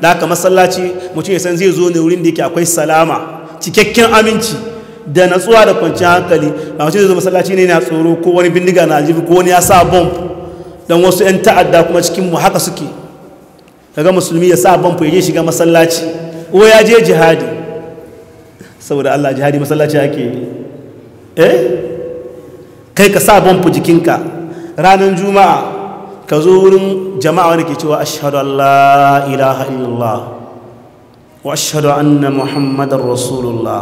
da haka masallaci mutum ya san zai zo ne wurin da yake akwai salama cikakken aminci da natsuwa da kwanciyar hankali ba wacce zai masallaci ne na tsoro ko wani bindiga na aljibi ko wani ya sa bomb don wasu 'yan ta'adda kuma cikin mu haka suke daga musulmi ya sa bomb ya je shiga masallaci ko ya je jihadi saboda Allah jihadi masallaci ake yi eh kai ka sa bomb jikinka ranar juma'a ka zo wurin jama'a wani ke cewa ashadu allah ilaha illallah واشهد ان محمد رسول الله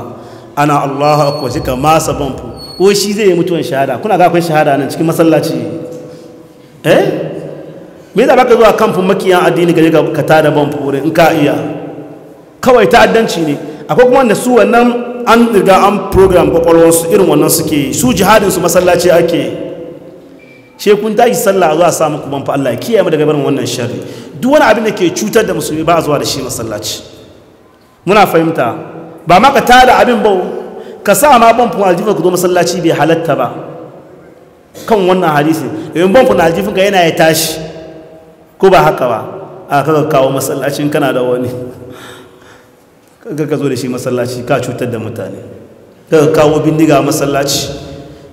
انا الله اكبر shika masa banfu wai shi zai yi mutuwan shahada kuna ga akwai shahada nan cikin masallaci eh me yasa baka zuwa kanfu makiyan addini gaje ka tada banfu wurin in ka iya kawai ta'addanci ne akwai kuma wanda su wannan an riga an program kwakwalwarsu irin wannan suke su jihadin su masallaci ake she kun tashi sallah zuwa samu kuma fa Allah ya kiyaye mu daga barin wannan sharri duk wani abin da ke cutar da musulmi ba zuwa da shi masallaci muna fahimta ba ma ka tada abin ba ka sa ma banfun aljifin ku zo masallaci bai halatta ba kan wannan hadisi domin banfun aljifin ka yana ya tashi ko ba haka ba a kaga kawo masallacin kana da wani kaga ka zo da shi masallaci ka cutar da mutane kaga kawo bindiga masallaci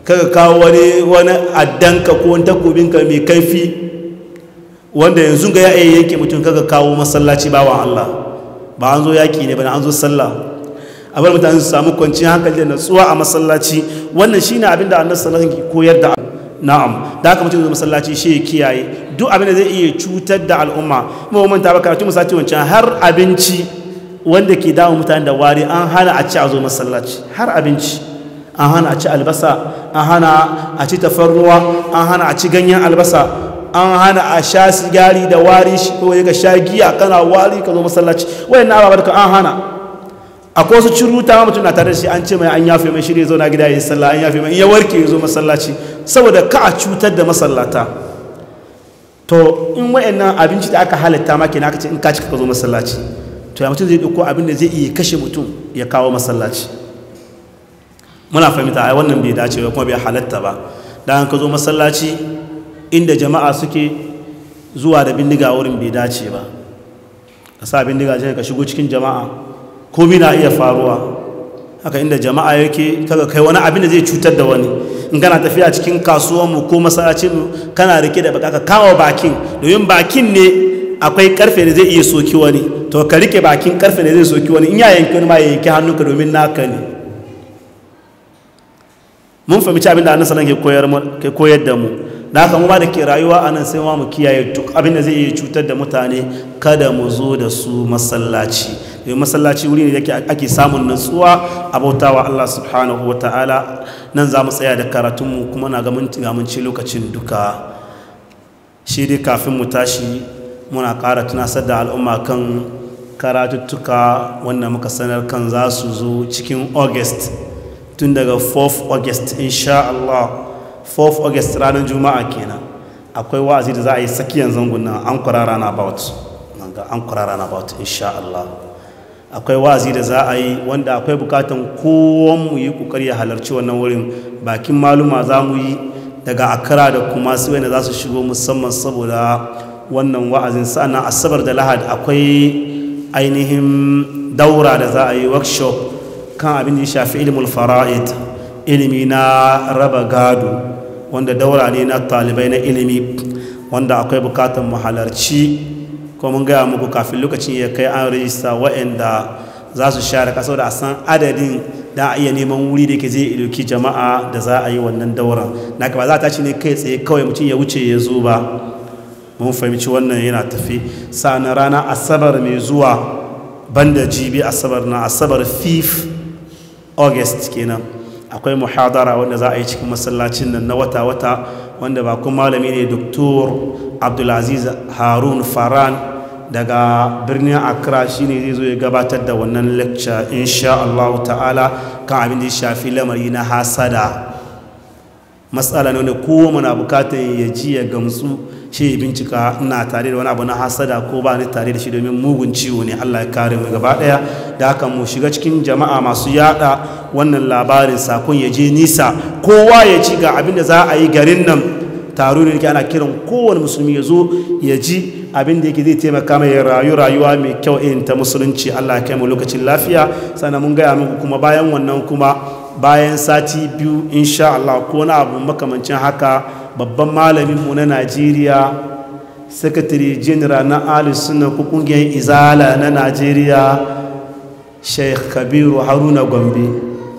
kaga kawo wani wani addanka ko wani takobinka mai kaifi wanda yanzu ga ya yanke mutum kaga kawo masallaci bawan Allah ba an zo yaƙi ne ba an zo sallah a bar mutane su samu kwanci hankali da natsuwa a masallaci wannan shine abin da annabi sallallahu alaihi koyar da na'am da aka mutum zai masallaci shi ya kiyaye duk abin da zai iya cutar da al'umma kuma mun ta baka mutum masallaci wancan har abinci wanda ke dawo mutane da wari an hana a ci a zo masallaci har abinci an hana a ci albasa an hana a ci tafarnuwa an hana a ci ganyen albasa an hana a sha sigari da wari shi ko ga sha giya kana wari ka zo masallaci na ababa ka an hana A ko su curuta ma mutum na tare da shi an ce mai an yafe mai shirye zo na gida ya yi sallah an yafe mai in ya warke ya zo masallaci saboda ka a cutar da masallata to in wayannan abinci da aka halitta ma kenan aka ce in ka cika ka zo masallaci to ya mutum zai dauko abin da zai iya kashe mutum ya kawo masallaci muna fahimta ai wannan bai dace ba kuma bai halatta ba dan ka zo masallaci inda jama'a suke zuwa da bindiga wurin bai dace ba ka sa bindiga ce ka shigo cikin jama'a komi na iya faruwa haka inda jama'a yake kaga kai wani abin da zai cutar da wani in kana tafiya cikin kasuwanmu ko masallacinmu kana rike da baka kawo bakin domin bakin ne akwai karfe da zai iya soki wani to ka rike bakin karfe da zai soki wani in ya yanke wani ma ya yanki hannunka domin naka ne mun fahimci abin da annasa nan ke koyar da mu da haka ba da ke rayuwa a nan sai wa mu kiyaye duk abin da zai iya cutar da mutane kada mu zo da su masallaci mai masallaci wuri ne yake ake samun nutsuwa a bautawa Allah subhanahu wa ta'ala nan za mu tsaya da karatunmu kuma na ga mun lokacin duka shi dai kafin mu tashi muna ƙara tunasar da al'umma kan karatuttuka wanda muka sanar kan za su zo cikin august tun daga 4 august insha Allah 4 august ranar juma'a kenan akwai wa'azi da za a yi tsakiyar zangon nan an kura rana about an rana about insha Allah akwai wa'azi da za a yi wanda akwai bukatan kowon mu yi kokari ya halarci wannan wurin bakin maluma za mu yi daga akara da kuma su wani za su shigo musamman saboda wannan wa'azin sa'annan asabar da lahad akwai ainihin daura da za a yi workshop kan abin da ya shafi ilimin fara'id ilimi na raba gado wanda daura ne na talibai na ilimi wanda akwai bukatar mu halarci ko mun gaya muku kafin lokacin ya kai an rajista wa'anda za su share kasar da a san adadin da a iya neman wuri da ke zai iloki jama'a da za a yi wannan daura na ba za ta ci ne kai tsaye kawai mutum ya wuce ya zo ba mun fahimci wannan yana tafi sa'anan rana asabar mai zuwa banda jibi asabar na asabar 5 august kenan akwai muhadara wanda za a yi cikin masallacin nan na wata-wata wanda ba kuma malami ne doktor abdulaziz harun faran daga birnin accra shine zai zo ya gabatar da wannan lecture insha Allah ta'ala kan abin da ya shafi lamari na hasada matsala ne wanda kowa muna bukatar ya ji ya gamsu shi bincika na tare da wani abu na hasada ko ba ni tare da shi domin mugun ciwo ne Allah ya kare mu gaba daya da haka mu shiga cikin jama'a masu yada wannan labarin sakon ya je nisa kowa ya ci ga abin da za a yi garin nan taro ne ana kiran kowane musulmi ya zo ya ji abin da yake zai taimaka mai rayu rayuwa mai kyau in ta musulunci Allah ya kai mu lokacin lafiya sannan mun gaya muku kuma bayan wannan kuma bayan sati biyu insha Allah ko na abu makamancin haka babban malaminmu na najeriya sakatare general na alisuna ko kungiyar izala na najeriya sheikh kabiru haruna gombe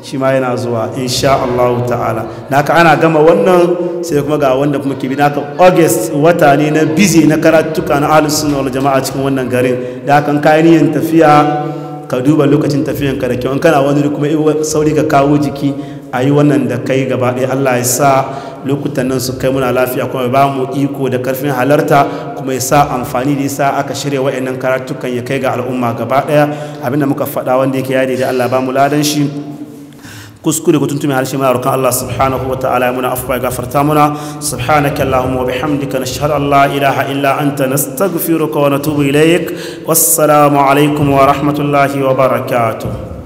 shi ma yana zuwa insha Allah ta'ala ka ana gama wannan sai kuma ga wanda kuma kibi ka august wata ne na busy na karatuka na alisuna wal jama'a cikin wannan garin da kan kayan tafiya ka duba lokacin tafiyan ka da kyau in kana wani kuma sauri ka kawo jiki a yi wannan da kai gaba ɗaya allah ya sa lokutan nan su kai muna lafiya kuma ba mu iko da karfin halarta kuma ya sa amfani da yasa aka shirya wa'annan karatukan ya kai ga al'umma gaba daya abinda muka faɗa wanda yake yadi da Allah ba mu ladan shi kuskure ko tuntumi harshe muna roƙon Allah subhanahu wa ta'ala muna afwa gafarta muna subhanaka allahumma wa bihamdika nashhadu an la ilaha illa anta nastaghfiruka wa natubu ilaik wassalamu alaikum wa rahmatullahi wa barakatuh